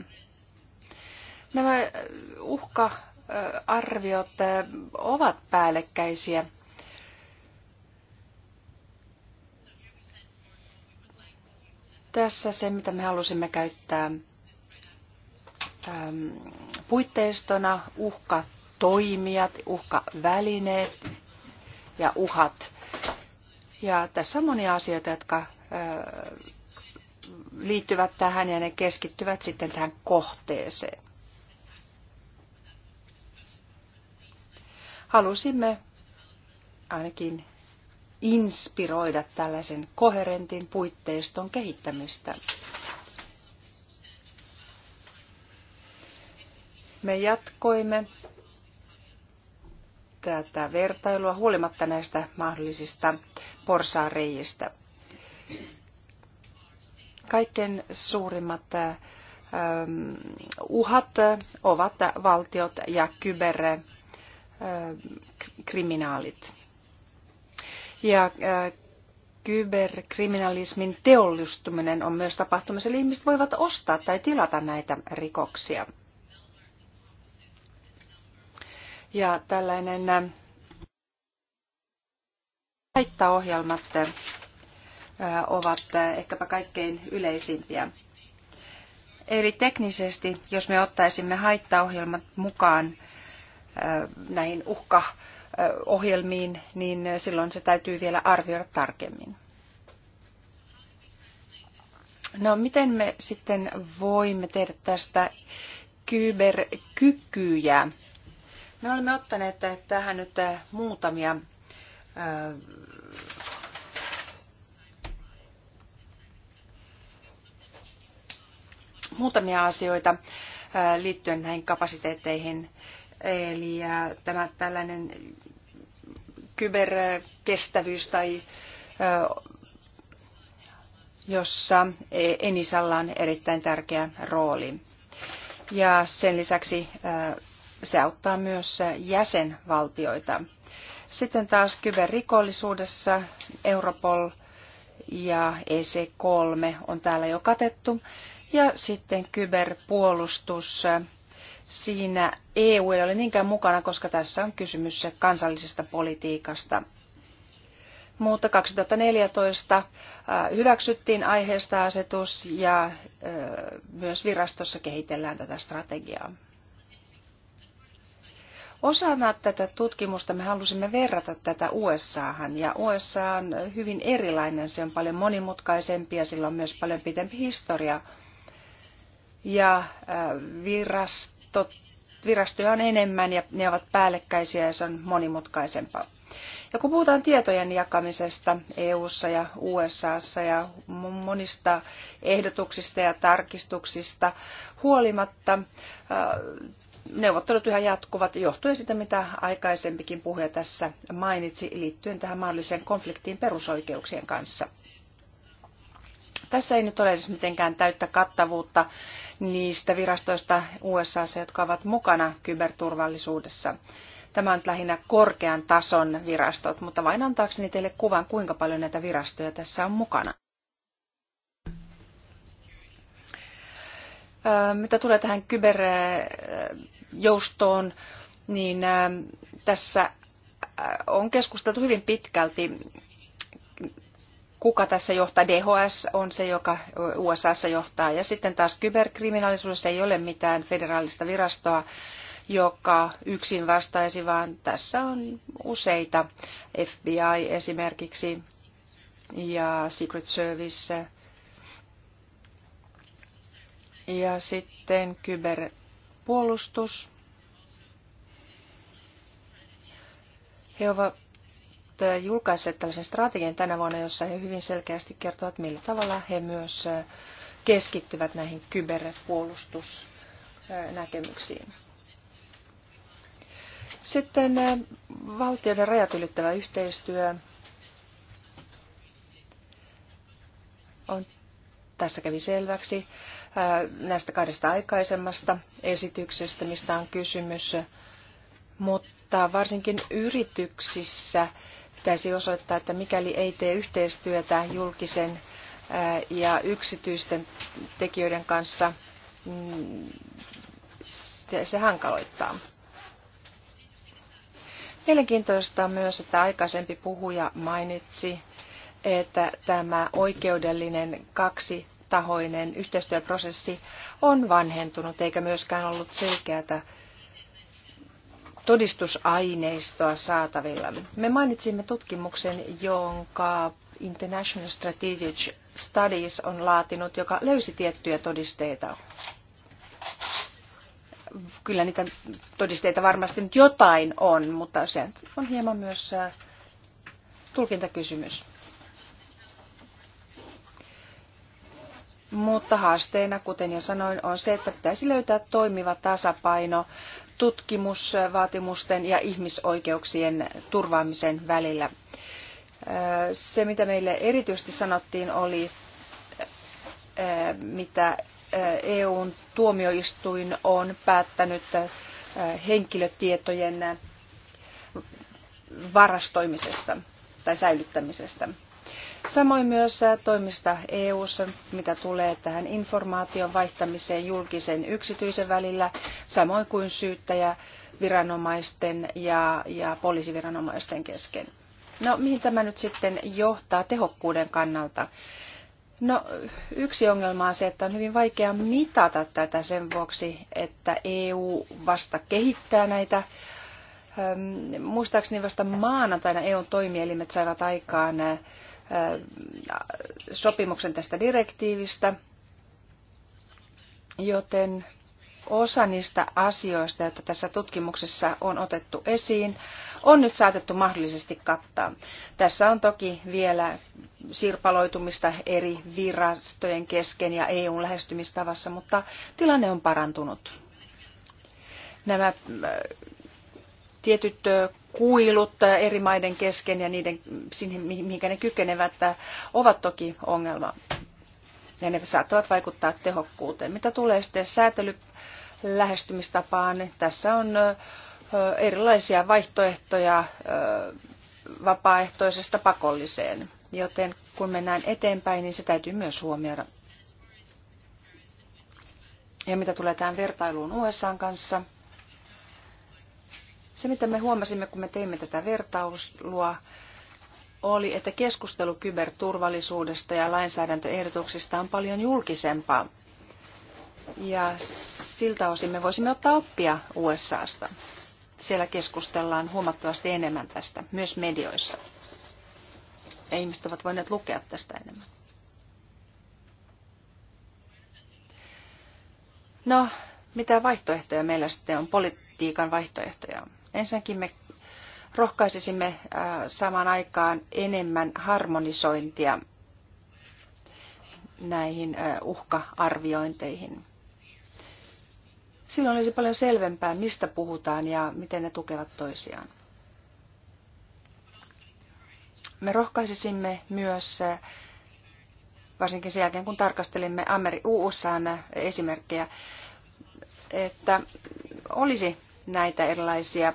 Nämä uhka-arviot ovat päällekkäisiä tässä se, mitä me halusimme käyttää puitteistona, uhkatoimijat, uhkavälineet ja uhat. Ja tässä on monia asioita, jotka liittyvät tähän ja ne keskittyvät sitten tähän kohteeseen. Halusimme ainakin inspiroida tällaisen koherentin puitteiston kehittämistä. Me jatkoimme tätä vertailua huolimatta näistä mahdollisista porsaareijistä. Kaikkein suurimmat ähm, uhat ovat valtiot ja kyberkriminaalit ja äh, kyberkriminalismin teollistuminen on myös tapahtumassa, eli ihmiset voivat ostaa tai tilata näitä rikoksia. Ja tällainen äh, haittaohjelmat äh, ovat ehkäpä kaikkein yleisimpiä. Eli teknisesti, jos me ottaisimme haittaohjelmat mukaan näihin uhka ohjelmiin, niin silloin se täytyy vielä arvioida tarkemmin. No miten me sitten voimme tehdä tästä kyberkykyjä? Me olemme ottaneet tähän nyt muutamia äh, muutamia asioita äh, liittyen näihin kapasiteetteihin Eli tämä tällainen kyberkestävyys tai jossa e- Enisalla on erittäin tärkeä rooli. Ja sen lisäksi se auttaa myös jäsenvaltioita. Sitten taas kyberrikollisuudessa Europol ja EC3 on täällä jo katettu. Ja sitten kyberpuolustus siinä EU ei ole niinkään mukana, koska tässä on kysymys kansallisesta politiikasta. Mutta 2014 äh, hyväksyttiin aiheesta asetus ja äh, myös virastossa kehitellään tätä strategiaa. Osana tätä tutkimusta me halusimme verrata tätä USAhan ja USA on hyvin erilainen, se on paljon monimutkaisempi ja sillä on myös paljon pitempi historia. Ja äh, virasto tot, virastoja on enemmän ja ne ovat päällekkäisiä ja se on monimutkaisempaa. Ja kun puhutaan tietojen jakamisesta EU:ssa ja USAssa ja monista ehdotuksista ja tarkistuksista huolimatta, äh, neuvottelut yhä jatkuvat johtuen sitä, mitä aikaisempikin puhuja tässä mainitsi liittyen tähän mahdolliseen konfliktiin perusoikeuksien kanssa. Tässä ei nyt ole edes mitenkään täyttä kattavuutta niistä virastoista USAssa, jotka ovat mukana kyberturvallisuudessa. Tämä on lähinnä korkean tason virastot, mutta vain antaakseni teille kuvan, kuinka paljon näitä virastoja tässä on mukana. Mitä tulee tähän kyberjoustoon, niin tässä on keskusteltu hyvin pitkälti kuka tässä johtaa. DHS on se, joka USAssa johtaa. Ja sitten taas kyberkriminaalisuudessa ei ole mitään federaalista virastoa, joka yksin vastaisi, vaan tässä on useita. FBI esimerkiksi ja Secret Service. Ja sitten kyberpuolustus. He ovat julkaisseet tällaisen strategian tänä vuonna, jossa he hyvin selkeästi kertovat, millä tavalla he myös keskittyvät näihin kyberpuolustusnäkemyksiin. Sitten valtioiden rajat ylittävä yhteistyö on tässä kävi selväksi näistä kahdesta aikaisemmasta esityksestä, mistä on kysymys, mutta varsinkin yrityksissä pitäisi osoittaa, että mikäli ei tee yhteistyötä julkisen ja yksityisten tekijöiden kanssa, mm, se, se hankaloittaa. Mielenkiintoista on myös, että aikaisempi puhuja mainitsi, että tämä oikeudellinen kaksitahoinen yhteistyöprosessi on vanhentunut eikä myöskään ollut selkeätä todistusaineistoa saatavilla. Me mainitsimme tutkimuksen, jonka International Strategic Studies on laatinut, joka löysi tiettyjä todisteita. Kyllä niitä todisteita varmasti nyt jotain on, mutta se on hieman myös äh, tulkintakysymys. Mutta haasteena, kuten jo sanoin, on se, että pitäisi löytää toimiva tasapaino tutkimusvaatimusten ja ihmisoikeuksien turvaamisen välillä. Se, mitä meille erityisesti sanottiin, oli, mitä EUn tuomioistuin on päättänyt henkilötietojen varastoimisesta tai säilyttämisestä. Samoin myös äh, toimista EU:ssa, mitä tulee tähän informaation vaihtamiseen julkisen yksityisen välillä, samoin kuin syyttäjä viranomaisten ja, ja poliisiviranomaisten kesken. No, mihin tämä nyt sitten johtaa tehokkuuden kannalta? No, yksi ongelma on se, että on hyvin vaikea mitata tätä sen vuoksi, että EU vasta kehittää näitä. Ähm, muistaakseni vasta maanantaina EUn toimielimet saivat aikaan äh, sopimuksen tästä direktiivistä, joten osa niistä asioista, joita tässä tutkimuksessa on otettu esiin, on nyt saatettu mahdollisesti kattaa. Tässä on toki vielä sirpaloitumista eri virastojen kesken ja EUn lähestymistavassa, mutta tilanne on parantunut. Nämä tietyt kuilut eri maiden kesken ja niiden, sinne, mihinkä ne kykenevät, ovat toki ongelma. Ja ne saattavat vaikuttaa tehokkuuteen. Mitä tulee sitten säätelylähestymistapaan, tässä on erilaisia vaihtoehtoja vapaaehtoisesta pakolliseen. Joten kun mennään eteenpäin, niin se täytyy myös huomioida. Ja mitä tulee tähän vertailuun USA kanssa – se, mitä me huomasimme, kun me teimme tätä vertailua, oli, että keskustelu kyberturvallisuudesta ja lainsäädäntöehdotuksista on paljon julkisempaa. Ja siltä osin me voisimme ottaa oppia USAsta. Siellä keskustellaan huomattavasti enemmän tästä, myös medioissa. Ja ihmiset ovat voineet lukea tästä enemmän. No, mitä vaihtoehtoja meillä sitten on, politiikan vaihtoehtoja? Ensinnäkin me rohkaisisimme äh, samaan aikaan enemmän harmonisointia näihin äh, uhka-arviointeihin. Silloin olisi paljon selvempää, mistä puhutaan ja miten ne tukevat toisiaan. Me rohkaisisimme myös, äh, varsinkin sen jälkeen kun tarkastelimme usa esimerkkejä, että olisi näitä erilaisia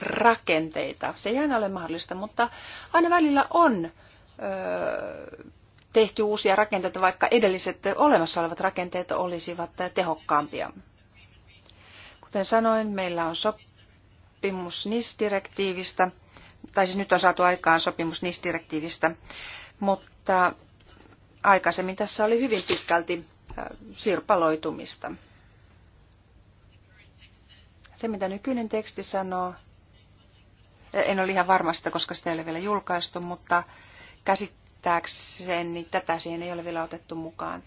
rakenteita. Se ei aina ole mahdollista, mutta aina välillä on tehty uusia rakenteita, vaikka edelliset olemassa olevat rakenteet olisivat tehokkaampia. Kuten sanoin, meillä on sopimus NIS-direktiivistä, tai siis nyt on saatu aikaan sopimus NIS-direktiivistä, mutta aikaisemmin tässä oli hyvin pitkälti sirpaloitumista. Se, mitä nykyinen teksti sanoo, en ole ihan sitä, koska sitä ei ole vielä julkaistu, mutta käsittääkseni tätä siihen ei ole vielä otettu mukaan.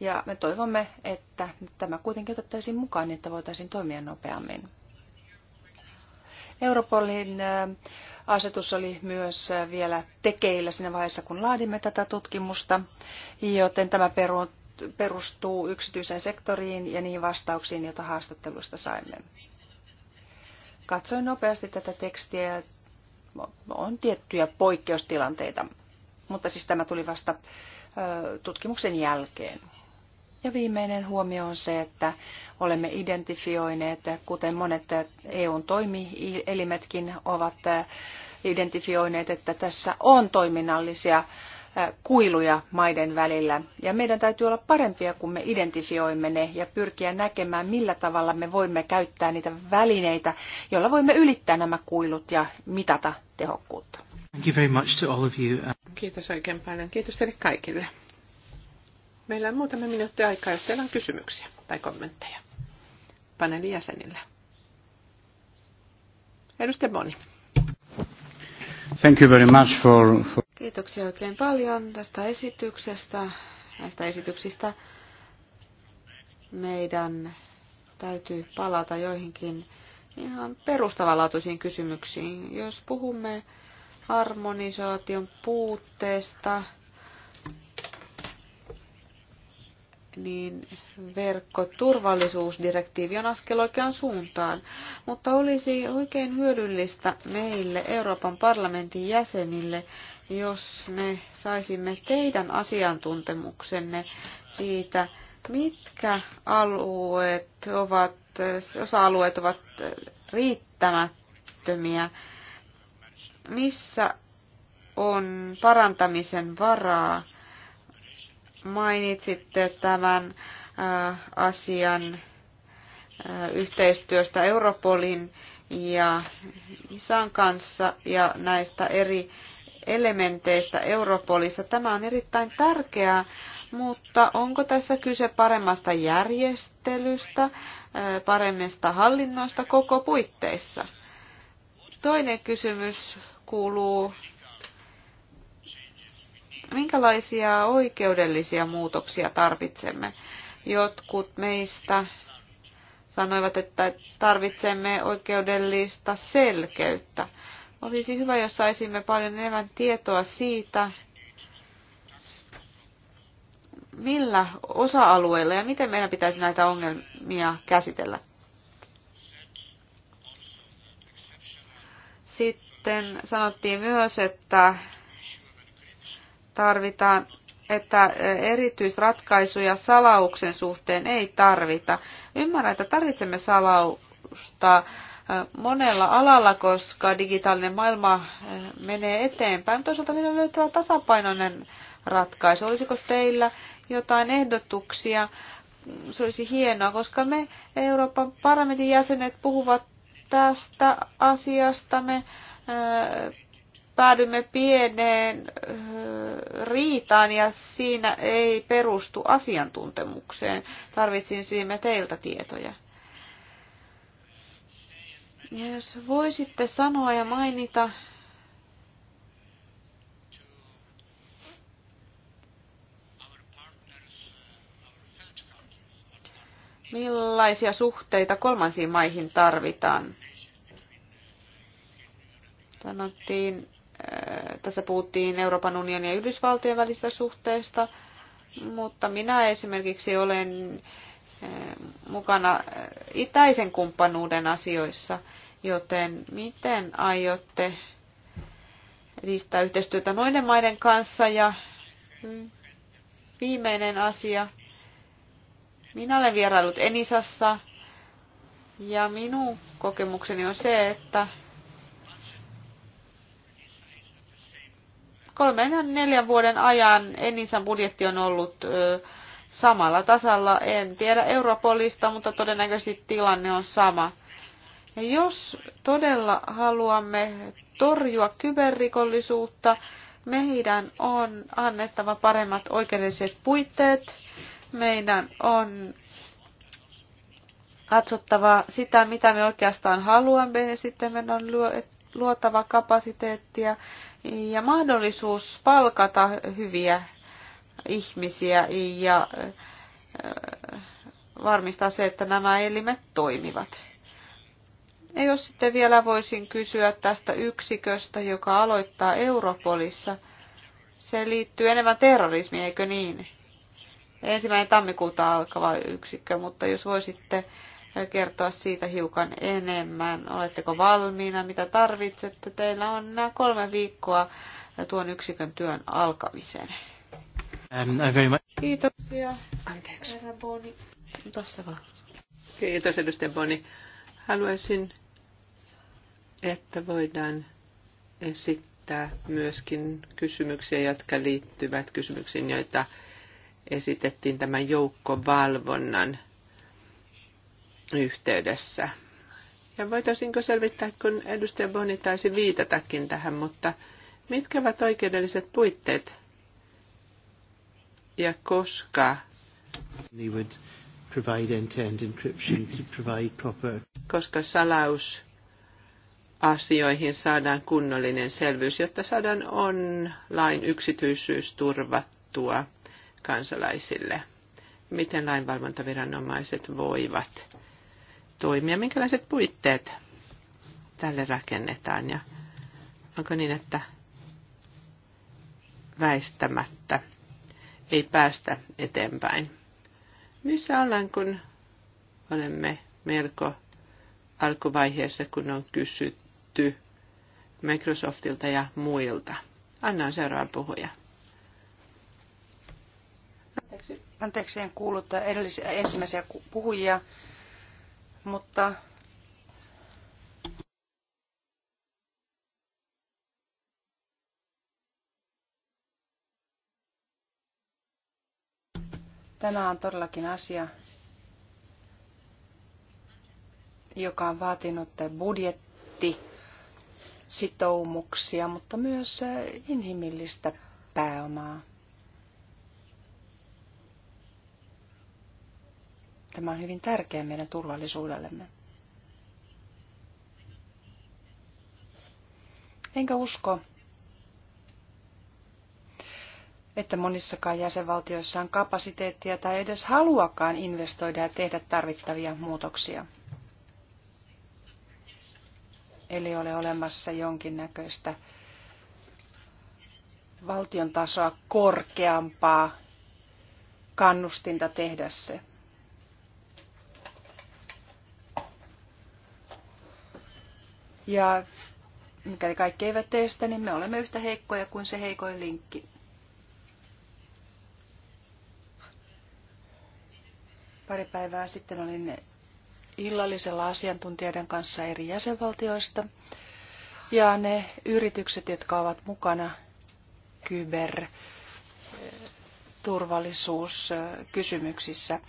Ja me toivomme, että tämä kuitenkin otettaisiin mukaan, niin että voitaisiin toimia nopeammin. Europolin asetus oli myös vielä tekeillä siinä vaiheessa, kun laadimme tätä tutkimusta, joten tämä perustuu yksityiseen sektoriin ja niihin vastauksiin, joita haastatteluista saimme. Katsoin nopeasti tätä tekstiä. On tiettyjä poikkeustilanteita, mutta siis tämä tuli vasta tutkimuksen jälkeen. Ja viimeinen huomio on se, että olemme identifioineet, kuten monet EUn toimielimetkin ovat identifioineet, että tässä on toiminnallisia kuiluja maiden välillä. Ja meidän täytyy olla parempia, kun me identifioimme ne ja pyrkiä näkemään, millä tavalla me voimme käyttää niitä välineitä, joilla voimme ylittää nämä kuilut ja mitata tehokkuutta. Thank you very much to all of you. Kiitos oikein paljon. Kiitos teille kaikille. Meillä on muutama minuutti aikaa, jos teillä on kysymyksiä tai kommentteja paneelin jäsenille. Edustaja Boni. Thank you very much for, for... Kiitoksia oikein paljon tästä esityksestä, näistä esityksistä. Meidän täytyy palata joihinkin ihan perustavanlaatuisiin kysymyksiin. Jos puhumme harmonisaation puutteesta, niin verkkoturvallisuusdirektiivi on askel oikeaan suuntaan, mutta olisi oikein hyödyllistä meille Euroopan parlamentin jäsenille, jos me saisimme teidän asiantuntemuksenne siitä, mitkä alueet ovat, osa-alueet ovat riittämättömiä, missä on parantamisen varaa mainitsitte tämän äh, asian äh, yhteistyöstä Europolin ja isän kanssa ja näistä eri elementeistä Europolissa. Tämä on erittäin tärkeää, mutta onko tässä kyse paremmasta järjestelystä, äh, paremmasta hallinnosta koko puitteissa? Toinen kysymys kuuluu minkälaisia oikeudellisia muutoksia tarvitsemme? Jotkut meistä sanoivat, että tarvitsemme oikeudellista selkeyttä. Olisi hyvä, jos saisimme paljon enemmän tietoa siitä, millä osa-alueilla ja miten meidän pitäisi näitä ongelmia käsitellä. Sitten sanottiin myös, että tarvitaan, että erityisratkaisuja salauksen suhteen ei tarvita. Ymmärrän, että tarvitsemme salausta monella alalla, koska digitaalinen maailma menee eteenpäin. Toisaalta meillä on löytävä tasapainoinen ratkaisu. Olisiko teillä jotain ehdotuksia? Se olisi hienoa, koska me Euroopan parlamentin jäsenet puhuvat tästä asiasta. Me päädymme pieneen riitaan ja siinä ei perustu asiantuntemukseen. Tarvitsisimme teiltä tietoja. Ja jos voisitte sanoa ja mainita Millaisia suhteita kolmansiin maihin tarvitaan? Sanottiin Äh, tässä puhuttiin Euroopan unionin ja Yhdysvaltojen välistä suhteesta, mutta minä esimerkiksi olen äh, mukana äh, itäisen kumppanuuden asioissa, joten miten aiotte edistää yhteistyötä noiden maiden kanssa ja mm, viimeinen asia. Minä olen vierailut Enisassa ja minun kokemukseni on se, että Kolmen ja neljän vuoden ajan Enisan budjetti on ollut samalla tasalla. En tiedä Europolista, mutta todennäköisesti tilanne on sama. Ja jos todella haluamme torjua kyberrikollisuutta, meidän on annettava paremmat oikeudelliset puitteet. Meidän on katsottava sitä, mitä me oikeastaan haluamme, ja sitten meidän on luotava kapasiteettia ja mahdollisuus palkata hyviä ihmisiä ja varmistaa se, että nämä elimet toimivat. Ja jos sitten vielä voisin kysyä tästä yksiköstä, joka aloittaa Europolissa, se liittyy enemmän terrorismiin, eikö niin? Ensimmäinen tammikuuta alkava yksikkö, mutta jos voisitte kertoa siitä hiukan enemmän. Oletteko valmiina, mitä tarvitsette? Teillä on nämä kolme viikkoa tuon yksikön työn alkamiseen. Um, Kiitoksia. Anteeksi. Herra Boni. Tuossa vaan. Kiitos edustaja Boni. Haluaisin, että voidaan esittää myöskin kysymyksiä, jotka liittyvät kysymyksiin, joita esitettiin tämän joukkovalvonnan yhteydessä. Ja voitaisinko selvittää, kun edustaja Boni taisi viitatakin tähän, mutta mitkä ovat oikeudelliset puitteet ja koska? Koska salaus asioihin saadaan kunnollinen selvyys, jotta saadaan online yksityisyys turvattua kansalaisille. Miten lainvalvontaviranomaiset voivat toimia, minkälaiset puitteet tälle rakennetaan ja onko niin, että väistämättä ei päästä eteenpäin. Missä ollaan, kun olemme melko alkuvaiheessa, kun on kysytty Microsoftilta ja muilta. Anna on seuraava puhuja. Anteeksi, anteeksi en kuullut ensimmäisiä puhujia mutta tämä on todellakin asia, joka on vaatinut budjetti sitoumuksia, mutta myös inhimillistä pääomaa. Tämä on hyvin tärkeä meidän turvallisuudellemme. Enkä usko, että monissakaan jäsenvaltioissa on kapasiteettia tai edes haluakaan investoida ja tehdä tarvittavia muutoksia. Eli ole olemassa jonkinnäköistä valtion tasoa korkeampaa kannustinta tehdä se. Ja mikäli kaikki eivät tee sitä, niin me olemme yhtä heikkoja kuin se heikoin linkki. Pari päivää sitten olin illallisella asiantuntijoiden kanssa eri jäsenvaltioista. Ja ne yritykset, jotka ovat mukana kyber eh, turvallisuuskysymyksissä.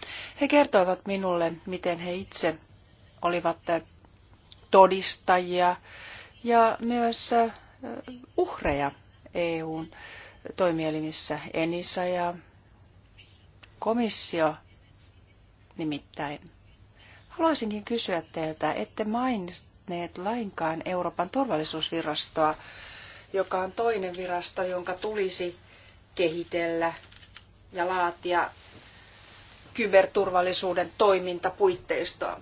He kertoivat minulle, miten he itse olivat eh, todistajia ja myös uhreja EUn toimielimissä Enisa ja komissio nimittäin. Haluaisinkin kysyä teiltä, ette mainitneet lainkaan Euroopan turvallisuusvirastoa, joka on toinen virasto, jonka tulisi kehitellä ja laatia kyberturvallisuuden toimintapuitteistoa.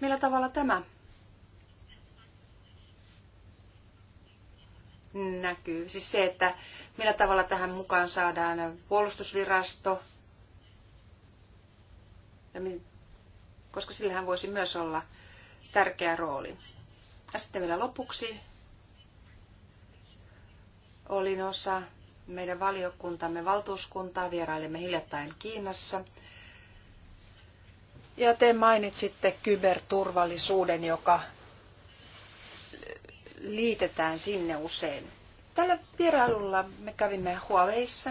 Millä tavalla tämä näkyy? Siis se, että millä tavalla tähän mukaan saadaan puolustusvirasto, koska sillähän voisi myös olla tärkeä rooli. Ja sitten vielä lopuksi olin osa meidän valiokuntamme valtuuskuntaa. Vierailemme hiljattain Kiinassa ja te mainitsitte kyberturvallisuuden, joka liitetään sinne usein. Tällä vierailulla me kävimme Huaweissa.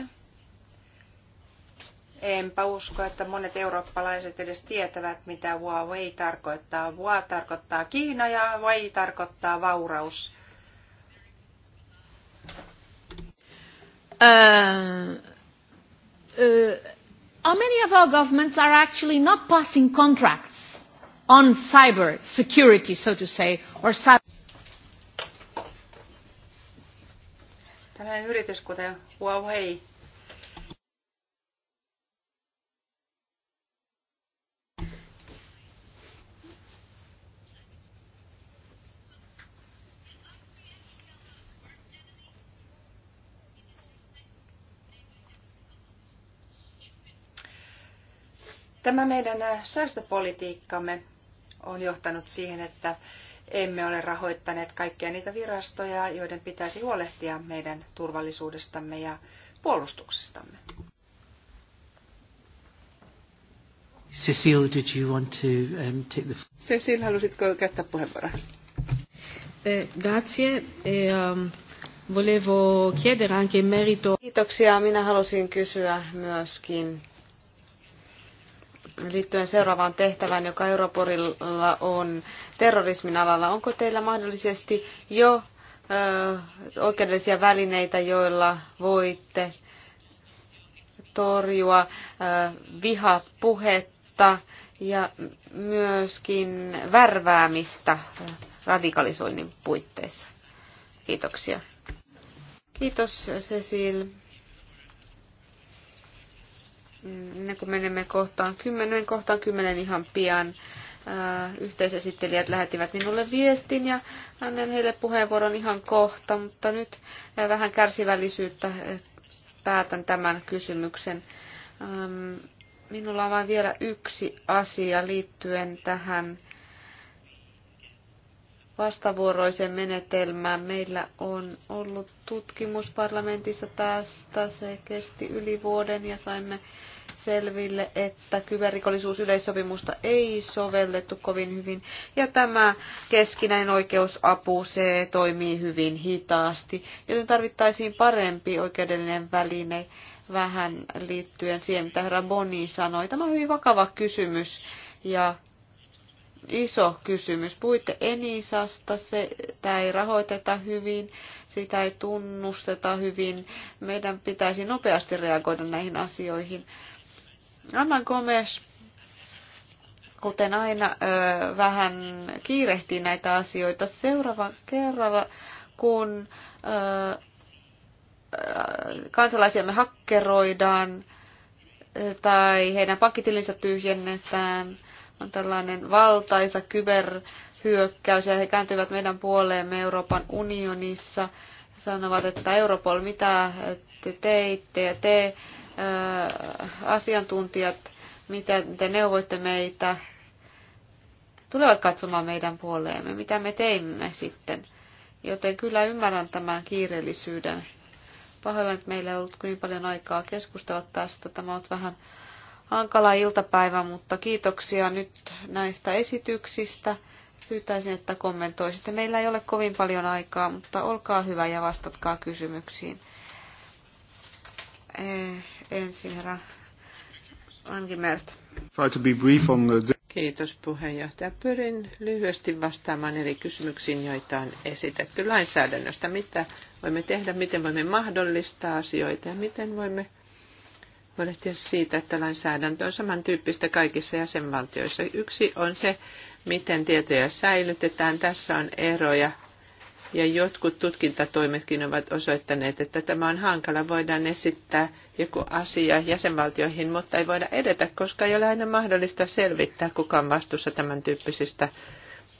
Enpä usko, että monet eurooppalaiset edes tietävät, mitä Huawei tarkoittaa. Hua tarkoittaa Kiina ja Huawei tarkoittaa vauraus. Uh, ö, how uh, many of our governments are actually not passing contracts on cyber security, so to say, or cyber Tällainen yritys kuten Huawei Tämä meidän äh, säästöpolitiikkamme on johtanut siihen, että emme ole rahoittaneet kaikkia niitä virastoja, joiden pitäisi huolehtia meidän turvallisuudestamme ja puolustuksestamme. Cecile, did you want to um, take the... Cecil, halusitko käyttää puheenvuoron? Eh, grazie. E, um, volevo chiedere anche in merito... Kiitoksia. Minä halusin kysyä myöskin liittyen seuraavaan tehtävään, joka Europorilla on terrorismin alalla. Onko teillä mahdollisesti jo ö, oikeudellisia välineitä, joilla voitte torjua ö, vihapuhetta ja myöskin värväämistä radikalisoinnin puitteissa? Kiitoksia. Kiitos Cecil ennen kuin menemme kohtaan kymmenen, kohtaan kymmenen ihan pian äh, yhteisesittelijät lähettivät minulle viestin ja annan heille puheenvuoron ihan kohta, mutta nyt äh, vähän kärsivällisyyttä äh, päätän tämän kysymyksen. Ähm, minulla on vain vielä yksi asia liittyen tähän vastavuoroiseen menetelmään. Meillä on ollut tutkimus parlamentissa tästä. Se kesti yli vuoden ja saimme selville, että kyberrikollisuusyleissopimusta ei sovellettu kovin hyvin. Ja tämä keskinäinen oikeusapu, se toimii hyvin hitaasti, joten tarvittaisiin parempi oikeudellinen väline vähän liittyen siihen, mitä herra Boni sanoi. Tämä on hyvin vakava kysymys ja iso kysymys. Puitte Enisasta, se, tämä ei rahoiteta hyvin, sitä ei tunnusteta hyvin. Meidän pitäisi nopeasti reagoida näihin asioihin. Anna Gomes, kuten aina, vähän kiirehtii näitä asioita. Seuraavan kerralla, kun kansalaisiamme hakkeroidaan tai heidän pankkitilinsä tyhjennetään, on tällainen valtaisa kyberhyökkäys ja he kääntyvät meidän puoleemme Euroopan unionissa sanovat, että Europol, mitä te teitte ja te asiantuntijat, miten te neuvoitte meitä, tulevat katsomaan meidän puoleemme, mitä me teimme sitten. Joten kyllä ymmärrän tämän kiireellisyyden. Pahoillani, että meillä ei ollut niin paljon aikaa keskustella tästä. Tämä on vähän hankala iltapäivä, mutta kiitoksia nyt näistä esityksistä. Pyytäisin, että kommentoisitte. Meillä ei ole kovin paljon aikaa, mutta olkaa hyvä ja vastatkaa kysymyksiin. Eh, ensin herra Angimert. Try to be brief on the... Kiitos puheenjohtaja. Pyrin lyhyesti vastaamaan eri kysymyksiin, joita on esitetty lainsäädännöstä. Mitä voimme tehdä, miten voimme mahdollistaa asioita ja miten voimme huolehtia siitä, että lainsäädäntö on samantyyppistä kaikissa jäsenvaltioissa. Yksi on se, miten tietoja säilytetään. Tässä on eroja ja jotkut tutkintatoimetkin ovat osoittaneet, että tämä on hankala. Voidaan esittää joku asia jäsenvaltioihin, mutta ei voida edetä, koska ei ole aina mahdollista selvittää, kuka on vastuussa tämän tyyppisistä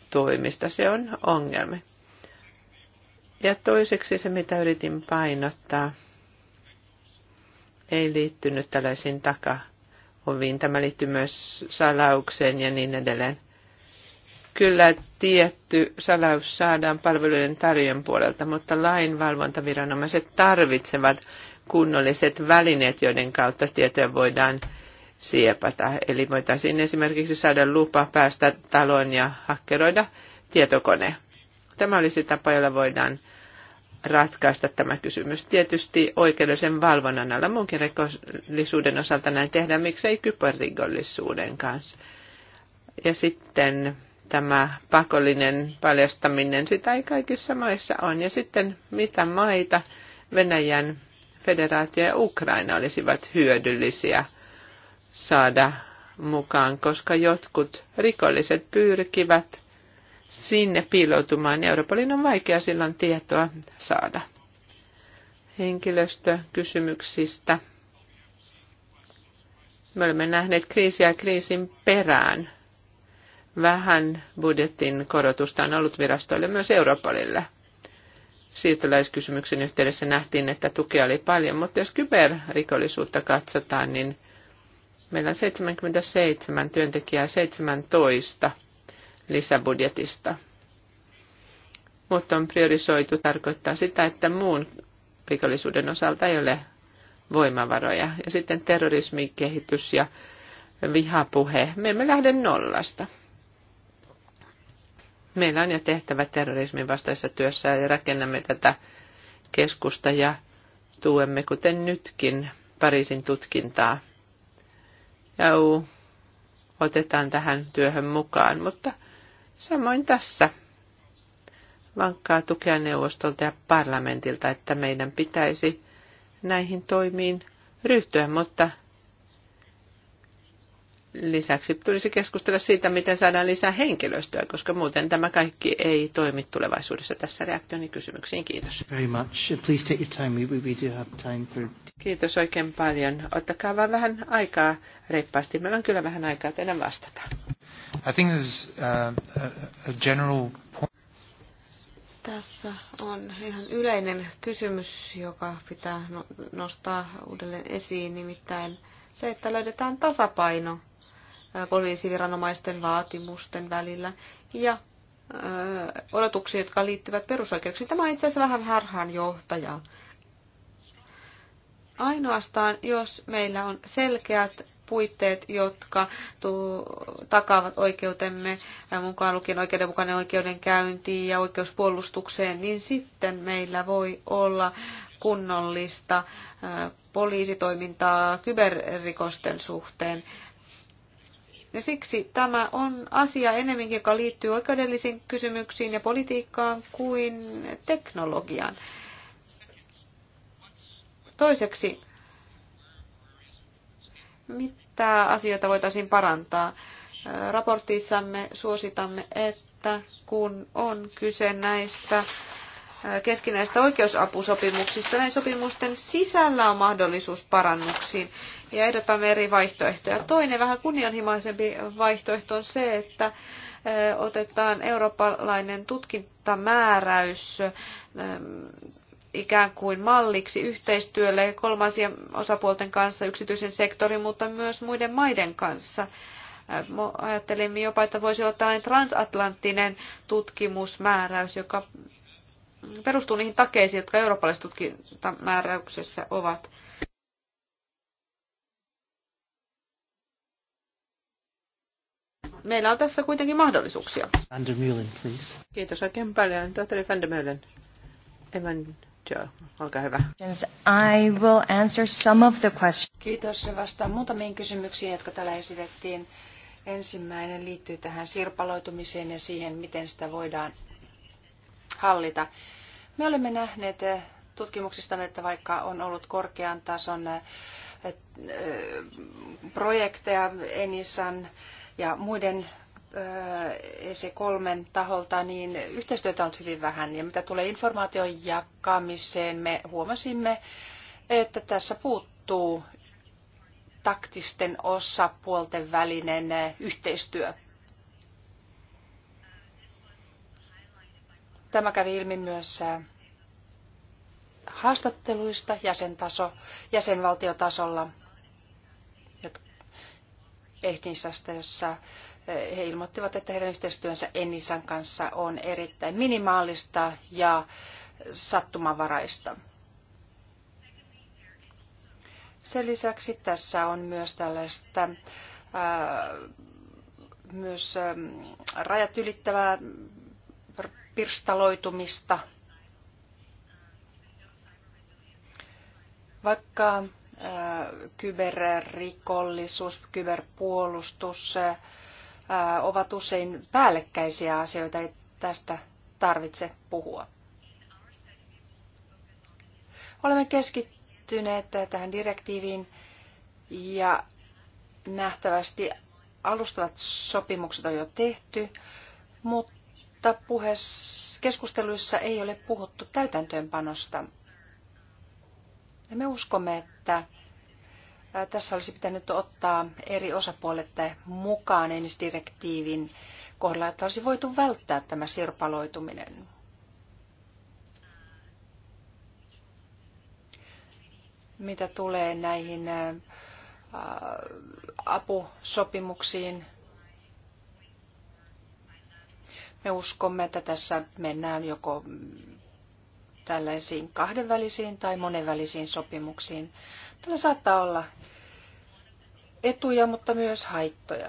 toimista. Se on ongelma. Ja toiseksi se, mitä yritin painottaa, ei liittynyt tällaisiin takaoviin. Tämä liittyy myös salaukseen ja niin edelleen kyllä tietty salaus saadaan palveluiden tarjon puolelta, mutta lainvalvontaviranomaiset tarvitsevat kunnolliset välineet, joiden kautta tietoja voidaan siepata. Eli voitaisiin esimerkiksi saada lupa päästä taloon ja hakkeroida tietokone. Tämä olisi tapa, jolla voidaan ratkaista tämä kysymys. Tietysti oikeudellisen valvonnan alla muunkin rikollisuuden osalta näin tehdään, miksei kyberrikollisuuden kanssa. Ja sitten tämä pakollinen paljastaminen, sitä ei kaikissa maissa on. Ja sitten mitä maita Venäjän federaatio ja Ukraina olisivat hyödyllisiä saada mukaan, koska jotkut rikolliset pyrkivät sinne piiloutumaan. Europolin on vaikea silloin tietoa saada henkilöstökysymyksistä. Me olemme nähneet kriisiä kriisin perään vähän budjetin korotusta on ollut virastoille myös Europolille. Siirtolaiskysymyksen yhteydessä nähtiin, että tukea oli paljon, mutta jos kyberrikollisuutta katsotaan, niin meillä on 77 työntekijää 17 lisäbudjetista. Mutta on priorisoitu tarkoittaa sitä, että muun rikollisuuden osalta ei ole voimavaroja. Ja sitten terrorismi, kehitys ja vihapuhe. Me emme lähde nollasta. Meillä on jo tehtävä terrorismin vastaisessa työssä ja rakennamme tätä keskusta ja tuemme, kuten nytkin, Pariisin tutkintaa. uu, otetaan tähän työhön mukaan, mutta samoin tässä vankkaa tukea neuvostolta ja parlamentilta, että meidän pitäisi näihin toimiin ryhtyä, mutta lisäksi tulisi keskustella siitä, miten saadaan lisää henkilöstöä, koska muuten tämä kaikki ei toimi tulevaisuudessa. Tässä reaktioni kysymyksiin. Kiitos. Very much. Please take your time. We, do have time for... Kiitos oikein paljon. Ottakaa vain vähän aikaa reippaasti. Meillä on kyllä vähän aikaa teidän vastata. I think there's uh, a, a general point. Tässä on ihan yleinen kysymys, joka pitää no-, nostaa uudelleen esiin, nimittäin se, että löydetään tasapaino poliisiviranomaisten vaatimusten välillä ja odotuksia, jotka liittyvät perusoikeuksiin. Tämä on itse asiassa vähän harhaan johtaja. Ainoastaan, jos meillä on selkeät puitteet, jotka tu- takaavat oikeutemme, mukaan lukien oikeudenmukainen oikeudenkäynti ja oikeuspuolustukseen, niin sitten meillä voi olla kunnollista poliisitoimintaa kyberrikosten suhteen. Ja siksi tämä on asia enemmänkin, joka liittyy oikeudellisiin kysymyksiin ja politiikkaan kuin teknologiaan. Toiseksi, mitä asioita voitaisiin parantaa? Raportissamme suositamme, että kun on kyse näistä äh, keskinäistä oikeusapusopimuksista, näin sopimusten sisällä on mahdollisuus parannuksiin ja ehdotamme eri vaihtoehtoja. Toinen vähän kunnianhimoisempi vaihtoehto on se, että otetaan eurooppalainen tutkintamääräys ikään kuin malliksi yhteistyölle kolmansien osapuolten kanssa, yksityisen sektorin, mutta myös muiden maiden kanssa. Ajattelimme jopa, että voisi olla tällainen transatlanttinen tutkimusmääräys, joka perustuu niihin takeisiin, jotka eurooppalaisessa tutkintamääräyksessä ovat. meillä on tässä kuitenkin mahdollisuuksia. Van please. Kiitos oikein paljon. Tohtori Van der Meulen. Evan olkaa hyvä. I will answer some of the questions. Kiitos. vastaa. muutamiin kysymyksiin, jotka täällä esitettiin. Ensimmäinen liittyy tähän sirpaloitumiseen ja siihen, miten sitä voidaan hallita. Me olemme nähneet tutkimuksista, että vaikka on ollut korkean tason eh, eh, projekteja Enisan ja muiden ec kolmen taholta, niin yhteistyötä on hyvin vähän. Ja mitä tulee informaation jakamiseen, me huomasimme, että tässä puuttuu taktisten osapuolten välinen yhteistyö. Tämä kävi ilmi myös haastatteluista jäsentaso, jäsenvaltiotasolla Ehtinsasta, jossa eh, he ilmoittivat, että heidän yhteistyönsä Ennisan kanssa on erittäin minimaalista ja sattumavaraista. Sen lisäksi tässä on myös tällaista ää, eh, myös ää, eh, rajat ylittävää pirstaloitumista. Vaikka kyberrikollisuus, kyberpuolustus ovat usein päällekkäisiä asioita, ei tästä tarvitse puhua. Olemme keskittyneet tähän direktiiviin ja nähtävästi alustavat sopimukset on jo tehty, mutta puheessa, keskusteluissa ei ole puhuttu täytäntöönpanosta. Ja me uskomme, että tässä olisi pitänyt ottaa eri osapuolet mukaan ensidirektiivin kohdalla, että olisi voitu välttää tämä sirpaloituminen. Mitä tulee näihin apusopimuksiin, me uskomme, että tässä mennään joko tällaisiin kahdenvälisiin tai monenvälisiin sopimuksiin. Tällä saattaa olla etuja, mutta myös haittoja.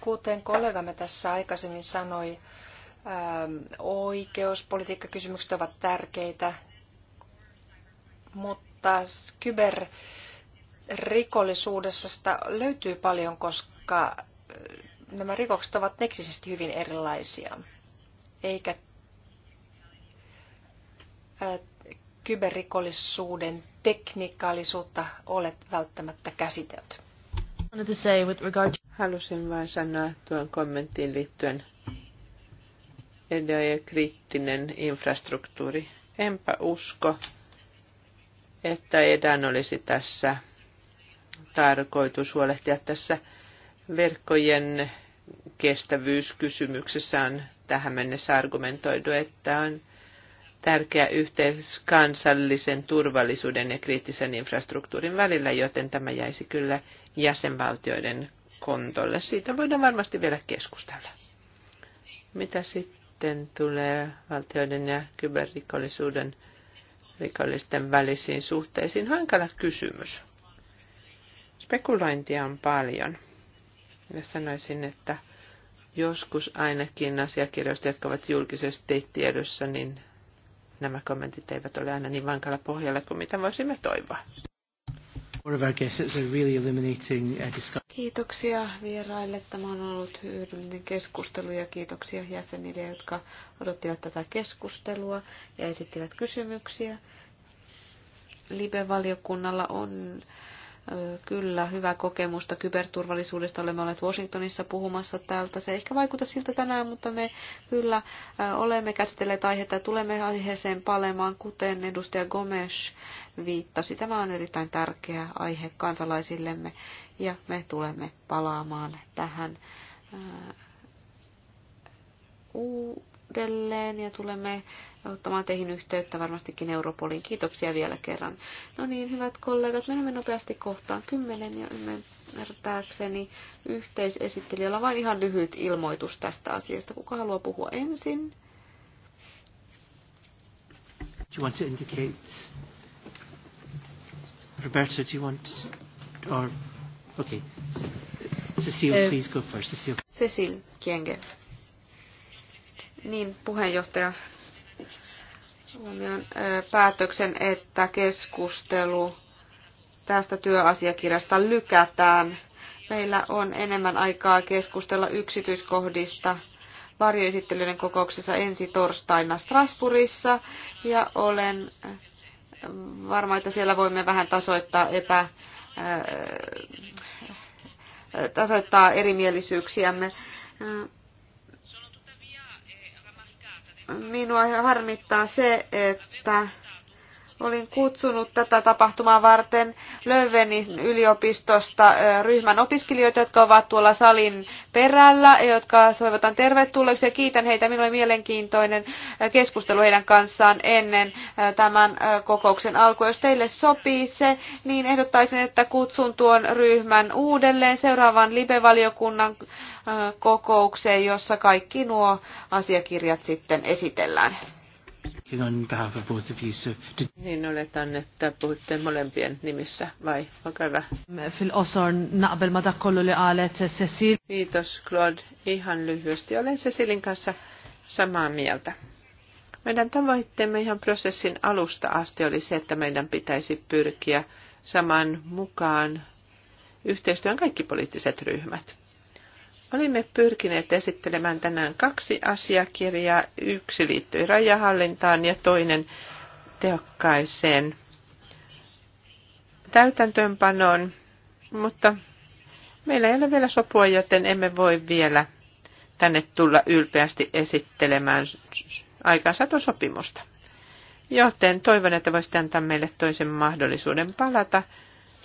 Kuten kollegamme tässä aikaisemmin sanoi, ähm, oikeuspolitiikkakysymykset ovat tärkeitä, mutta kyberrikollisuudessa löytyy paljon, koska äh, nämä rikokset ovat teknisesti hyvin erilaisia, eikä kyberrikollisuuden teknikaalisuutta ole välttämättä käsitelty. Halusin vain sanoa tuon kommenttiin liittyen edelleen kriittinen infrastruktuuri. Enpä usko, että edan olisi tässä tarkoitus huolehtia tässä verkkojen kestävyyskysymyksessä on tähän mennessä argumentoidu, että on tärkeä yhteys kansallisen turvallisuuden ja kriittisen infrastruktuurin välillä, joten tämä jäisi kyllä jäsenvaltioiden kontolle. Siitä voidaan varmasti vielä keskustella. Mitä sitten tulee valtioiden ja kyberrikollisuuden rikollisten välisiin suhteisiin? Hankala kysymys. Spekulointia on paljon. Ja sanoisin, että joskus ainakin asiakirjoista, jotka ovat julkisesti tiedossa, niin nämä kommentit eivät ole aina niin vankalla pohjalla kuin mitä voisimme toivoa. Uh, kiitoksia vieraille. Tämä on ollut hyödyllinen keskustelu ja kiitoksia jäsenille, jotka odottivat tätä keskustelua ja esittivät kysymyksiä. Live-valiokunnalla on kyllä hyvää kokemusta kyberturvallisuudesta. Olemme olleet Washingtonissa puhumassa täältä, Se ei ehkä vaikuta siltä tänään, mutta me kyllä olemme käsitelleet aihetta ja tulemme aiheeseen palemaan, kuten edustaja Gomes viittasi. Tämä on erittäin tärkeä aihe kansalaisillemme ja me tulemme palaamaan tähän uudelleen ja tulemme ottamaan teihin yhteyttä varmastikin Europoliin. Kiitoksia vielä kerran. No niin, hyvät kollegat, menemme nopeasti kohtaan kymmenen ja ymmärtääkseni yhteisesittelijällä vain ihan lyhyt ilmoitus tästä asiasta. Kuka haluaa puhua ensin? Do you want to indicate? Roberto, do you want... Or... Okay. Cecile, eh. please go first. Cecile. Cecile Kienge. Niin, puheenjohtaja, huomioon päätöksen, että keskustelu tästä työasiakirjasta lykätään. Meillä on enemmän aikaa keskustella yksityiskohdista varjoesittelyiden kokouksessa ensi torstaina Strasbourgissa ja olen varma, että siellä voimme vähän tasoittaa epä tasoittaa erimielisyyksiämme minua harmittaa se, että olin kutsunut tätä tapahtumaa varten Lövenin yliopistosta ryhmän opiskelijoita, jotka ovat tuolla salin perällä, jotka toivotan tervetulleeksi ja kiitän heitä. Minulla oli mielenkiintoinen keskustelu heidän kanssaan ennen tämän kokouksen alkua. Jos teille sopii se, niin ehdottaisin, että kutsun tuon ryhmän uudelleen seuraavan live-valiokunnan kokoukseen, jossa kaikki nuo asiakirjat sitten esitellään. Niin oletan, että puhutte molempien nimissä, vai onko hyvä? Cecil. Kiitos Claude. Ihan lyhyesti. Olen Cecilin kanssa samaa mieltä. Meidän tavoitteemme ihan prosessin alusta asti oli se, että meidän pitäisi pyrkiä saman mukaan yhteistyön kaikki poliittiset ryhmät. Olimme pyrkineet esittelemään tänään kaksi asiakirjaa. Yksi liittyy rajahallintaan ja toinen tehokkaiseen täytäntöönpanoon, mutta meillä ei ole vielä sopua, joten emme voi vielä tänne tulla ylpeästi esittelemään aikaansaaton sopimusta. Joten toivon, että voisitte antaa meille toisen mahdollisuuden palata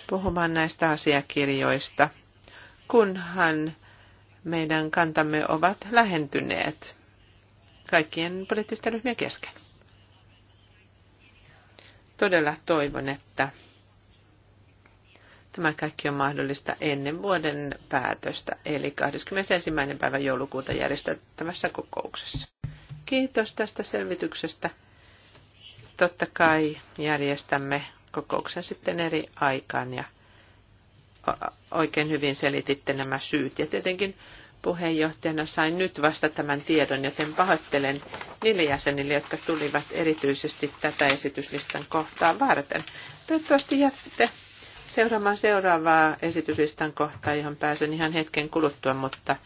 puhumaan näistä asiakirjoista, kunhan meidän kantamme ovat lähentyneet kaikkien poliittisten ryhmien kesken. Todella toivon, että tämä kaikki on mahdollista ennen vuoden päätöstä, eli 21. päivä joulukuuta järjestettävässä kokouksessa. Kiitos tästä selvityksestä. Totta kai järjestämme kokouksen sitten eri aikaan ja oikein hyvin selititte nämä syyt. Ja tietenkin puheenjohtajana sain nyt vasta tämän tiedon, joten pahoittelen niille jäsenille, jotka tulivat erityisesti tätä esityslistan kohtaa varten. Toivottavasti jätte seuraamaan seuraavaa esityslistan kohtaa, johon pääsen ihan hetken kuluttua, mutta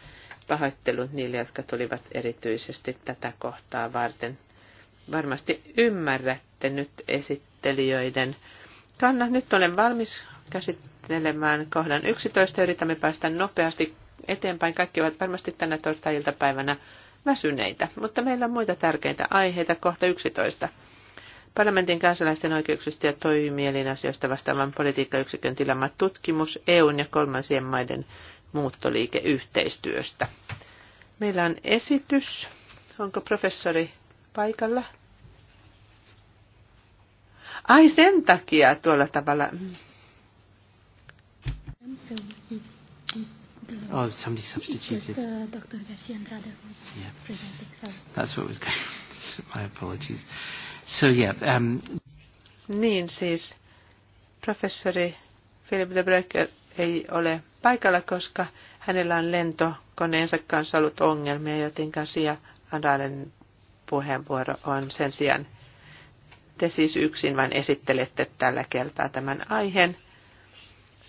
pahoittelut niille, jotka tulivat erityisesti tätä kohtaa varten. Varmasti ymmärrätte nyt esittelijöiden kannat. Nyt olen valmis käsittelemään kohdan 11. Yritämme päästä nopeasti eteenpäin. Kaikki ovat varmasti tänä torstai-iltapäivänä väsyneitä, mutta meillä on muita tärkeitä aiheita. Kohta 11. Parlamentin kansalaisten oikeuksista ja asioista vastaavan politiikkayksikön tilama tutkimus EUn ja kolmansien maiden muuttoliikeyhteistyöstä. Meillä on esitys. Onko professori paikalla? Ai sen takia tuolla tavalla. Oh, somebody substituted. Just, uh, Dr. Garcia Andrade was yeah. presenting. That's what was going My apologies. So, yeah, um... Niin siis, professori Philip de Brecker ei ole paikalla, koska hänellä on lentokoneensa kanssa ollut ongelmia, joten Garcia Andraden puheenvuoro on sen sijaan. Te siis yksin vain esittelette tällä kertaa tämän aiheen.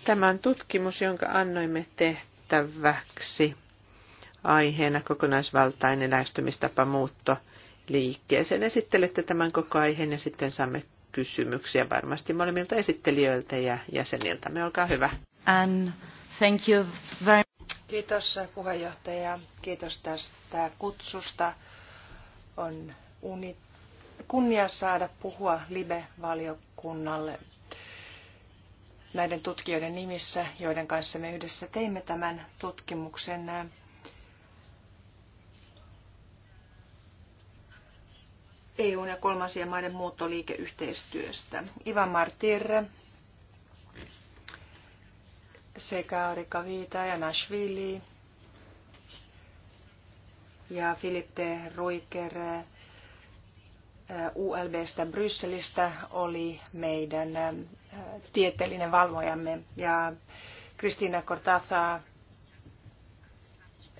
Tämä on tutkimus, jonka annoimme tehtäväksi aiheena kokonaisvaltainen lähestymistapa muutto liikkeeseen. Esittelette tämän koko aiheen ja sitten saamme kysymyksiä varmasti molemmilta esittelijöiltä ja jäseniltä me Olkaa hyvä. And thank you very... Kiitos puheenjohtaja. Kiitos tästä kutsusta. On uni... kunnia saada puhua Libe-valiokunnalle näiden tutkijoiden nimissä, joiden kanssa me yhdessä teimme tämän tutkimuksen. EUn ja kolmansien maiden muuttoliikeyhteistyöstä. Ivan Martirre sekä Arika Viita ja Nashvili ja Filippe Ruiker ULBstä Brysselistä oli meidän tieteellinen valvojamme ja Kristiina Cortaza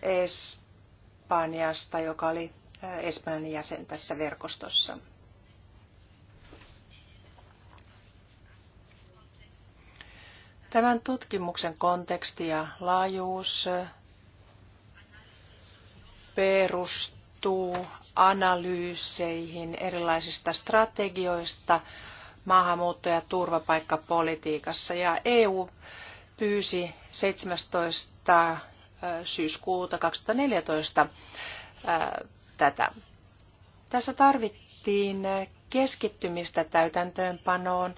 Espanjasta, joka oli äh, Espanjan jäsen tässä verkostossa. Tämän tutkimuksen konteksti ja laajuus perustuu analyyseihin erilaisista strategioista, maahanmuutto- ja turvapaikkapolitiikassa. Ja EU pyysi 17. Äh, syyskuuta 2014 äh, tätä. Tässä tarvittiin keskittymistä täytäntöönpanoon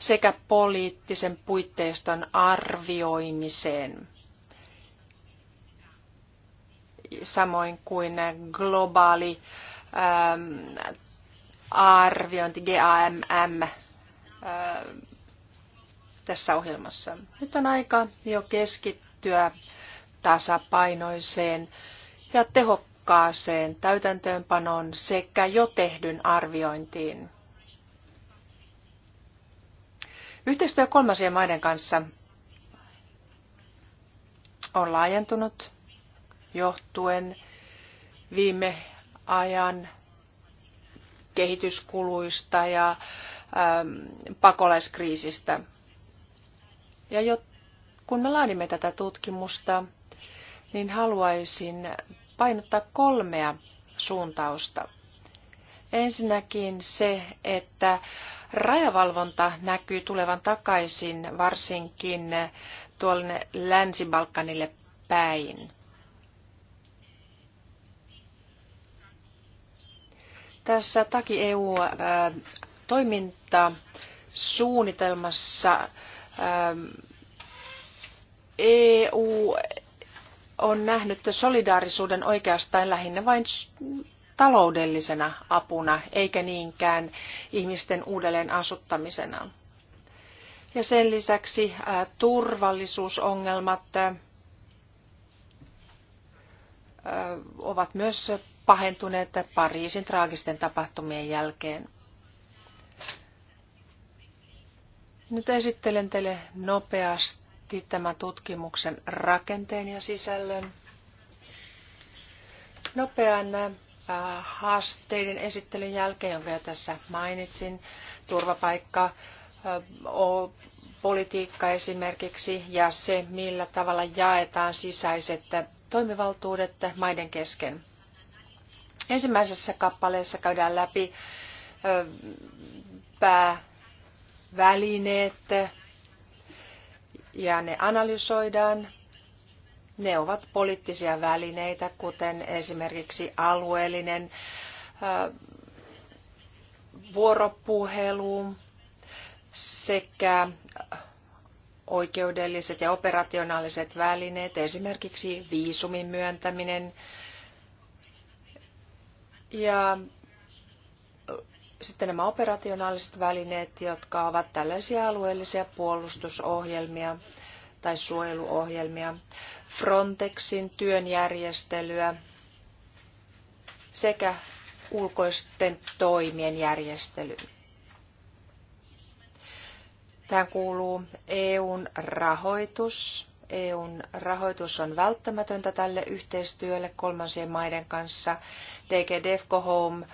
sekä poliittisen puitteiston arvioimiseen, samoin kuin globaali ähm, arviointi GAMM tässä ohjelmassa. Nyt on aika jo keskittyä tasapainoiseen ja tehokkaaseen täytäntöönpanoon sekä jo tehdyn arviointiin. Yhteistyö kolmansien maiden kanssa on laajentunut johtuen viime ajan kehityskuluista ja äh, Ähm, pakolaiskriisistä. Ja jo, kun me laadimme tätä tutkimusta, niin haluaisin painottaa kolmea suuntausta. Ensinnäkin se, että rajavalvonta näkyy tulevan takaisin varsinkin tuolle Länsi-Balkanille päin. Tässä Taki EU äh, toimintaa suunnitelmassa ähm, EU on nähnyt solidaarisuuden oikeastaan lähinnä vain taloudellisena apuna, eikä niinkään ihmisten uudelleen asuttamisena. Ja sen lisäksi äh, turvallisuusongelmat äh, ovat myös pahentuneet Pariisin traagisten tapahtumien jälkeen. Nyt esittelen teille nopeasti tämän tutkimuksen rakenteen ja sisällön. Nopean äh, haasteiden esittelyn jälkeen, jonka jo tässä mainitsin, turvapaikka, äh, politiikka esimerkiksi ja se, millä tavalla jaetaan sisäiset äh, toimivaltuudet maiden kesken. Ensimmäisessä kappaleessa käydään läpi pää välineet ja ne analysoidaan. Ne ovat poliittisia välineitä, kuten esimerkiksi alueellinen vuoropuhelu sekä oikeudelliset ja operationaaliset välineet, esimerkiksi viisumin myöntäminen ja sitten nämä operationaaliset välineet, jotka ovat tällaisia alueellisia puolustusohjelmia tai suojeluohjelmia, Frontexin työnjärjestelyä sekä ulkoisten toimien järjestely. Tähän kuuluu EUn rahoitus. EUn rahoitus on välttämätöntä tälle yhteistyölle kolmansien maiden kanssa. DG Defco Home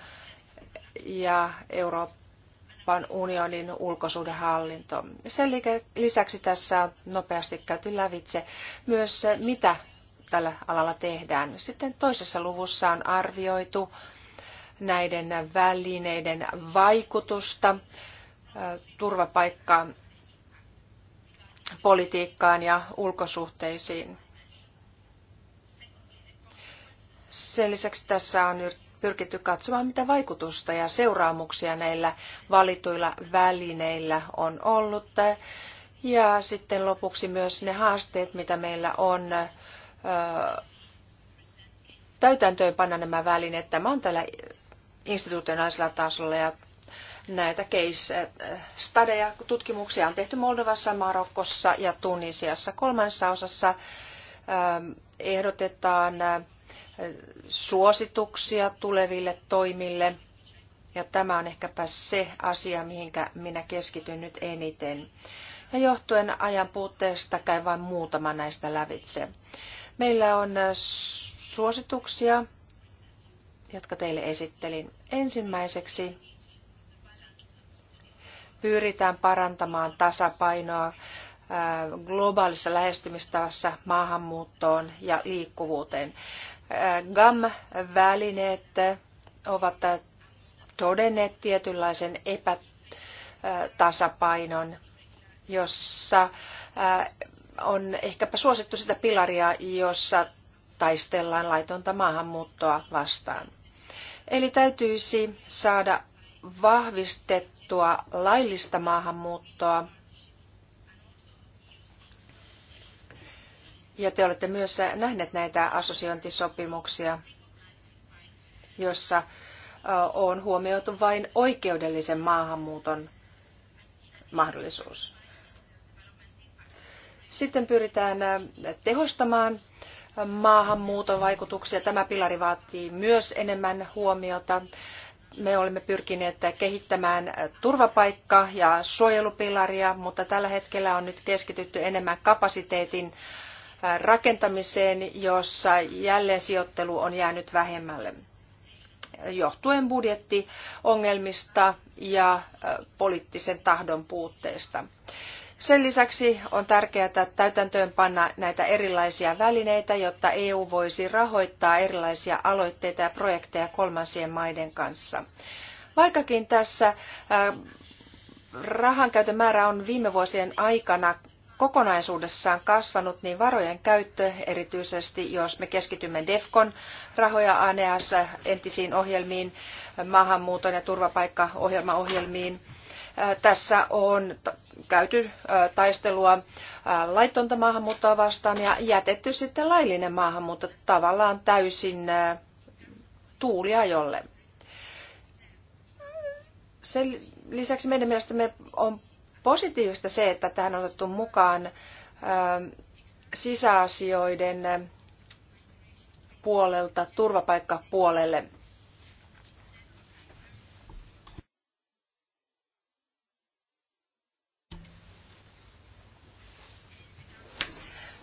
ja Euroopan unionin ulkosuhdehallinto. Sen lisäksi tässä on nopeasti käyty lävitse myös, mitä tällä alalla tehdään. Sitten toisessa luvussa on arvioitu näiden välineiden vaikutusta turvapaikkaan, politiikkaan ja ulkosuhteisiin. Sen lisäksi tässä on pyrkitty katsomaan, mitä vaikutusta ja seuraamuksia näillä valituilla välineillä on ollut. Ja sitten lopuksi myös ne haasteet, mitä meillä on panna nämä välineet. Tämä on tällä institutionaalisella tasolla ja näitä case-stadeja, tutkimuksia on tehty Moldovassa, Marokossa ja Tunisiassa. Kolmannessa osassa ehdotetaan suosituksia tuleville toimille. Ja tämä on ehkäpä se asia, mihinkä minä keskityn nyt eniten. Ja johtuen ajan puutteesta käy vain muutama näistä lävitse. Meillä on suosituksia, jotka teille esittelin. Ensimmäiseksi pyritään parantamaan tasapainoa globaalissa lähestymistavassa maahanmuuttoon ja liikkuvuuteen. GAM-välineet ovat todenneet tietynlaisen epätasapainon, jossa on ehkäpä suosittu sitä pilaria, jossa taistellaan laitonta maahanmuuttoa vastaan. Eli täytyisi saada vahvistettua laillista maahanmuuttoa Ja te olette myös nähneet näitä assosiointisopimuksia, jossa on huomioitu vain oikeudellisen maahanmuuton mahdollisuus. Sitten pyritään tehostamaan maahanmuuton vaikutuksia. Tämä pilari vaatii myös enemmän huomiota. Me olemme pyrkineet kehittämään turvapaikka- ja suojelupilaria, mutta tällä hetkellä on nyt keskitytty enemmän kapasiteetin rakentamiseen, jossa jälleen sijoittelu on jäänyt vähemmälle johtuen budjettiongelmista ja poliittisen tahdon puutteesta. Sen lisäksi on tärkeää, että täytäntöön panna näitä erilaisia välineitä, jotta EU voisi rahoittaa erilaisia aloitteita ja projekteja kolmansien maiden kanssa. Vaikkakin tässä rahankäytön määrä on viime vuosien aikana kokonaisuudessaan kasvanut, niin varojen käyttö, erityisesti jos me keskitymme DEFCON rahoja ANEAS entisiin ohjelmiin, maahanmuuton ja turvapaikkaohjelmaohjelmiin, äh, tässä on käyty äh, taistelua äh, laitonta maahanmuuttoa vastaan ja jätetty sitten laillinen maahanmuutto tavallaan täysin tuuliajolle. Sen lisäksi meidän mielestämme on positiivista se, että tähän on otettu mukaan ähm, sisäasioiden äh, puolelta turvapaikkapuolelle.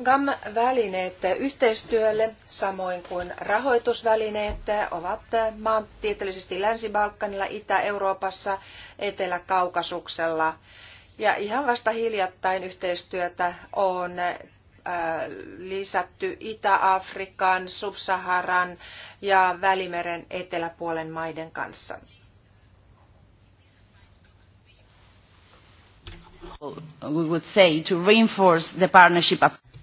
GAM-välineet yhteistyölle, samoin kuin rahoitusvälineet, ovat äh, maantieteellisesti Länsi-Balkanilla, Itä-Euroopassa, Etelä-Kaukasuksella – ja ihan vasta hiljattain yhteistyötä on äh, lisätty Itä-Afrikan, Subsaharan ja Välimeren eteläpuolen maiden kanssa. We would say to reinforce the partnership.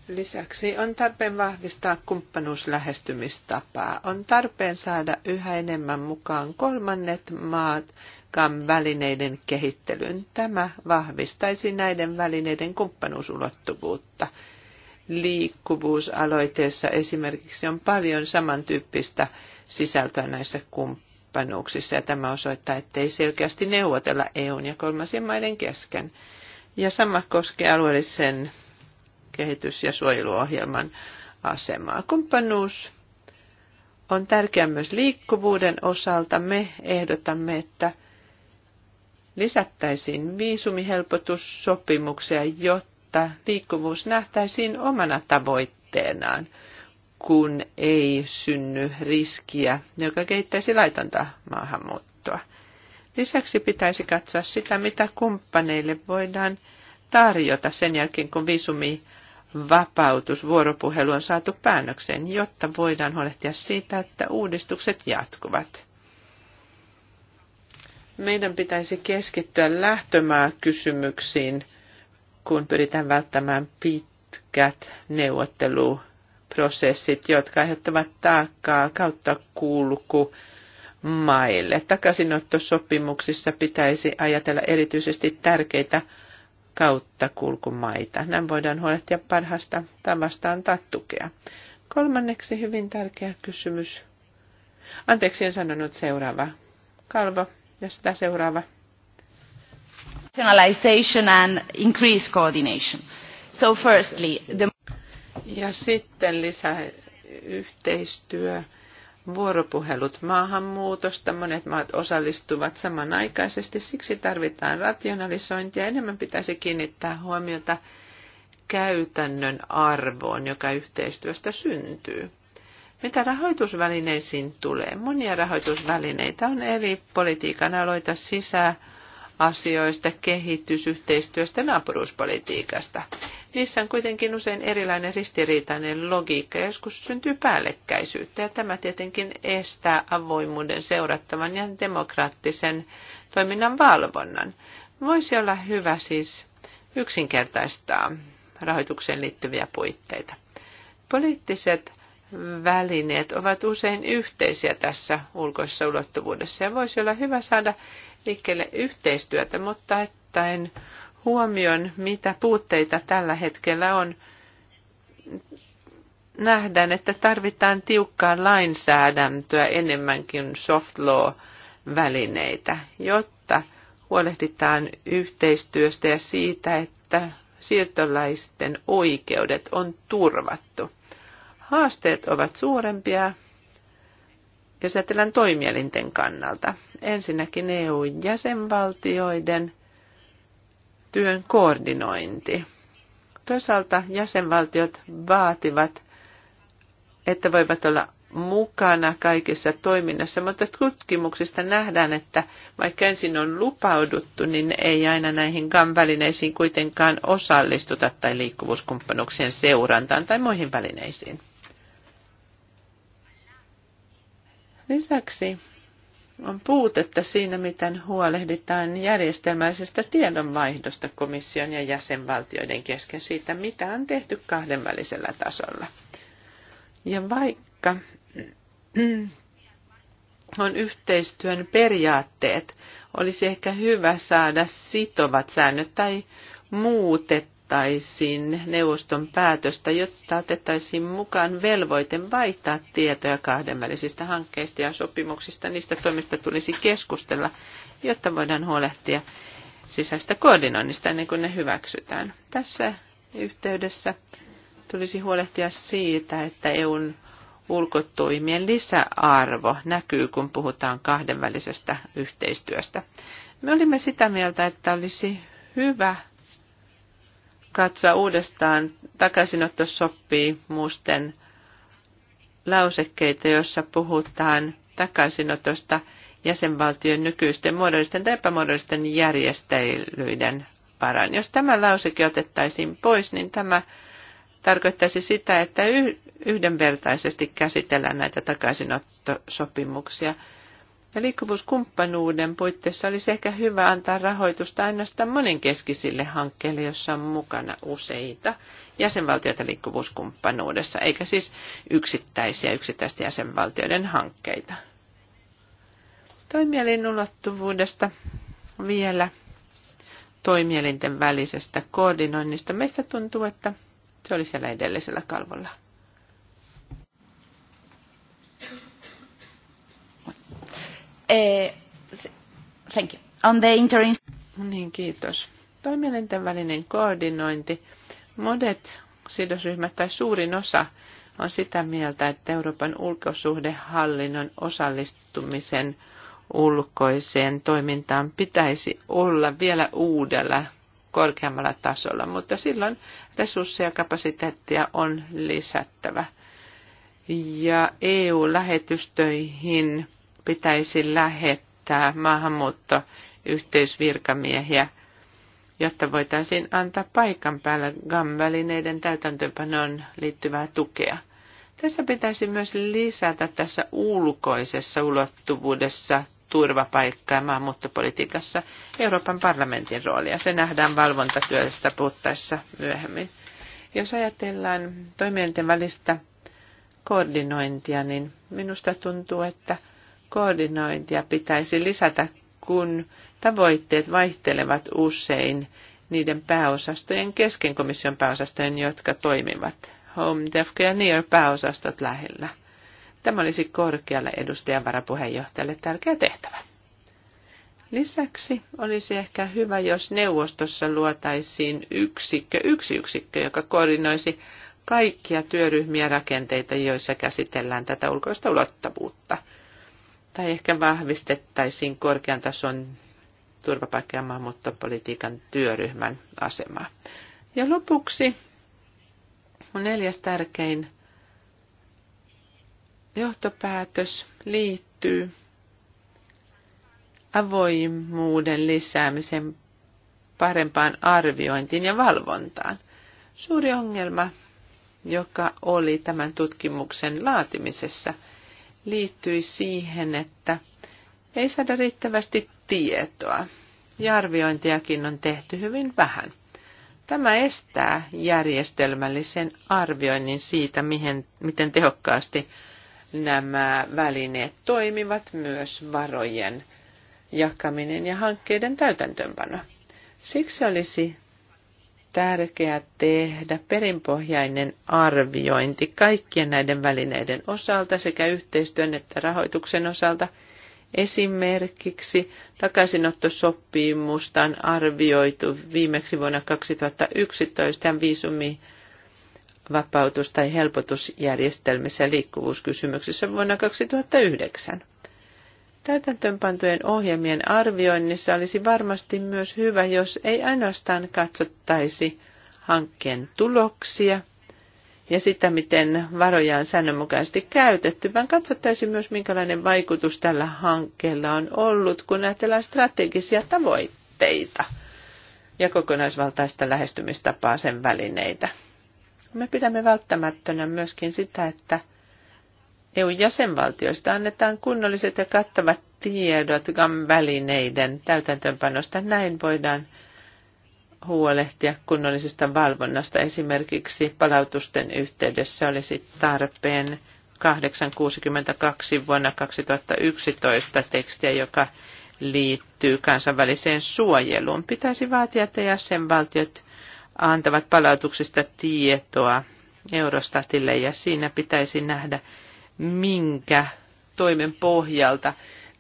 Lisäksi on tarpeen vahvistaa kumppanuuslähestymistapaa. On tarpeen saada yhä enemmän mukaan kolmannet maat, tehokkaan välineiden kehittelyn. Tämä vahvistaisi näiden välineiden kumppanuusulottuvuutta. Liikkuvuusaloiteessa esimerkiksi on paljon samantyyppistä sisältöä näissä kumppanuuksissa, ja tämä osoittaa, ettei selkeästi neuvotella EUn ja kolmansien maiden kesken. Ja sama koskee alueellisen kehitys- ja suojeluohjelman asemaa. Kumppanuus on tärkeä myös liikkuvuuden osalta. Me ehdotamme, että lisättäisiin viisumihelpotussopimuksia, jotta liikkuvuus nähtäisiin omana tavoitteenaan, kun ei synny riskiä, joka keittäisi laitonta maahanmuuttoa. Lisäksi pitäisi katsoa sitä, mitä kumppaneille voidaan tarjota sen jälkeen, kun viisumi vuoropuhelu on saatu päännökseen, jotta voidaan huolehtia siitä, että uudistukset jatkuvat. Meidän pitäisi keskittyä kysymyksiin kun pyritään välttämään pitkät neuvotteluprosessit, jotka aiheuttavat taakkaa kautta kulku maille. Takaisinottosopimuksissa pitäisi ajatella erityisesti tärkeitä kautta kulkumaita. Näin voidaan huolehtia parhaasta tavasta antaa tukea. Kolmanneksi hyvin tärkeä kysymys. Anteeksi, en sanonut seuraava. Kalvo, ja sitä seuraava. Internationalization and increased coordination. So firstly, the... Ja sitten vuoropuhelut maahanmuutosta. Monet maat osallistuvat samanaikaisesti, siksi tarvitaan rationalisointia. Enemmän pitäisi kiinnittää huomiota käytännön arvoon, joka yhteistyöstä syntyy. Mitä rahoitusvälineisiin tulee? Monia rahoitusvälineitä on eri politiikan aloita sisäasioista, kehitysyhteistyöstä, naapuruuspolitiikasta. Niissä on kuitenkin usein erilainen ristiriitainen logiikka, joskus syntyy päällekkäisyyttä ja tämä tietenkin estää avoimuuden seurattavan ja demokraattisen toiminnan valvonnan. Voisi olla hyvä siis yksinkertaistaa rahoitukseen liittyviä puitteita. Poliittiset välineet ovat usein yhteisiä tässä ulkoisessa ulottuvuudessa ja voisi olla hyvä saada liikkeelle yhteistyötä, mutta ettäen huomioon, mitä puutteita tällä hetkellä on, nähdään, että tarvitaan tiukkaa lainsäädäntöä enemmänkin soft law-välineitä, jotta huolehditaan yhteistyöstä ja siitä, että siirtolaisten oikeudet on turvattu. Haasteet ovat suurempia, jos ajatellaan toimielinten kannalta. Ensinnäkin EU-jäsenvaltioiden työn koordinointi. Toisaalta jäsenvaltiot vaativat, että voivat olla mukana kaikessa toiminnassa, mutta tutkimuksista nähdään, että vaikka ensin on lupauduttu, niin ei aina näihin GAM-välineisiin kuitenkaan osallistuta tai liikkuvuuskumppanuksien seurantaan tai muihin välineisiin. Lisäksi on puutetta siinä, miten huolehditaan järjestelmällisestä tiedonvaihdosta komission ja jäsenvaltioiden kesken siitä, mitä on tehty kahdenvälisellä tasolla. Ja vaikka on yhteistyön periaatteet, olisi ehkä hyvä saada sitovat säännöt tai muutet odotettaisiin neuvoston päätöstä, jotta otettaisiin mukaan velvoite vaihtaa tietoja kahdenvälisistä hankkeista ja sopimuksista. Niistä toimista tulisi keskustella, jotta voidaan huolehtia sisäistä koordinoinnista ennen kuin ne hyväksytään. Tässä yhteydessä tulisi huolehtia siitä, että EUn ulkotoimien lisäarvo näkyy, kun puhutaan kahdenvälisestä yhteistyöstä. Me olimme sitä mieltä, että olisi hyvä katsoa uudestaan takaisinotto sopii muusten lausekkeita, joissa puhutaan takaisinotosta jäsenvaltion nykyisten muodollisten tai epämuodollisten järjestelyiden varaan. Jos tämä lauseke otettaisiin pois, niin tämä tarkoittaisi sitä, että yhdenvertaisesti käsitellään näitä takaisinottosopimuksia. sopimuksia ja liikkuvuuskumppanuuden puitteissa olisi ehkä hyvä antaa rahoitusta ainoastaan monenkeskisille hankkeille, jossa on mukana useita jäsenvaltioita liikkuvuuskumppanuudessa, eikä siis yksittäisiä yksittäisten jäsenvaltioiden hankkeita. Toimielin ulottuvuudesta vielä toimielinten välisestä koordinoinnista. Meistä tuntuu, että se oli siellä edellisellä kalvolla. Eh, thank you. On the interim... No niin, kiitos. Toimielinten välinen koordinointi. Monet sidosryhmät tai suurin osa on sitä mieltä, että Euroopan ulkosuhdehallinnon osallistumisen ulkoiseen toimintaan pitäisi olla vielä uudella korkeammalla tasolla, mutta silloin resursseja ja kapasiteettia on lisättävä. Ja EU-lähetystöihin pitäisi lähettää maahanmuuttoyhteysvirkamiehiä, jotta voitaisiin antaa paikan päällä GAM-välineiden täytäntöönpanoon liittyvää tukea. Tässä pitäisi myös lisätä tässä ulkoisessa ulottuvuudessa turvapaikkaa maahanmuuttopolitiikassa Euroopan parlamentin roolia. Se nähdään valvontatyöstä puhuttaessa myöhemmin. Jos ajatellaan toimijoiden välistä koordinointia, niin minusta tuntuu, että koordinointia pitäisi lisätä, kun tavoitteet vaihtelevat usein niiden pääosastojen kesken komission pääosastojen, jotka toimivat. Home, Defco ja Near pääosastot lähellä. Tämä olisi korkealle edustajan varapuheenjohtajalle tärkeä tehtävä. Lisäksi olisi ehkä hyvä, jos neuvostossa luotaisiin yksikkö, yksi yksikkö, joka koordinoisi kaikkia työryhmiä rakenteita, joissa käsitellään tätä ulkoista ulottavuutta tai ehkä vahvistettaisiin korkean tason turvapaikka- ja maahanmuuttopolitiikan työryhmän asemaa. Ja lopuksi on neljäs tärkein johtopäätös liittyy avoimuuden lisäämisen parempaan arviointiin ja valvontaan. Suuri ongelma, joka oli tämän tutkimuksen laatimisessa – liittyi siihen, että ei saada riittävästi tietoa ja arviointiakin on tehty hyvin vähän. Tämä estää järjestelmällisen arvioinnin siitä, mihin, miten tehokkaasti nämä välineet toimivat, myös varojen jakaminen ja hankkeiden täytäntöönpano. Siksi olisi tärkeää tehdä perinpohjainen arviointi kaikkien näiden välineiden osalta sekä yhteistyön että rahoituksen osalta. Esimerkiksi takaisinottosopimusta on arvioitu viimeksi vuonna 2011 viisumi vapautus- tai helpotusjärjestelmissä ja liikkuvuuskysymyksissä vuonna 2009. Täytäntöönpantojen ohjelmien arvioinnissa olisi varmasti myös hyvä, jos ei ainoastaan katsottaisi hankkeen tuloksia ja sitä, miten varoja on säännönmukaisesti käytetty, vaan katsottaisiin myös, minkälainen vaikutus tällä hankkeella on ollut, kun ajatellaan strategisia tavoitteita ja kokonaisvaltaista lähestymistapaa sen välineitä. Me pidämme välttämättönä myöskin sitä, että – EU-jäsenvaltioista annetaan kunnolliset ja kattavat tiedot GAM-välineiden täytäntöönpanosta. Näin voidaan huolehtia kunnollisesta valvonnasta. Esimerkiksi palautusten yhteydessä olisi tarpeen 862 vuonna 2011 tekstiä, joka liittyy kansainväliseen suojeluun. Pitäisi vaatia, että jäsenvaltiot antavat palautuksista tietoa Eurostatille ja siinä pitäisi nähdä minkä toimen pohjalta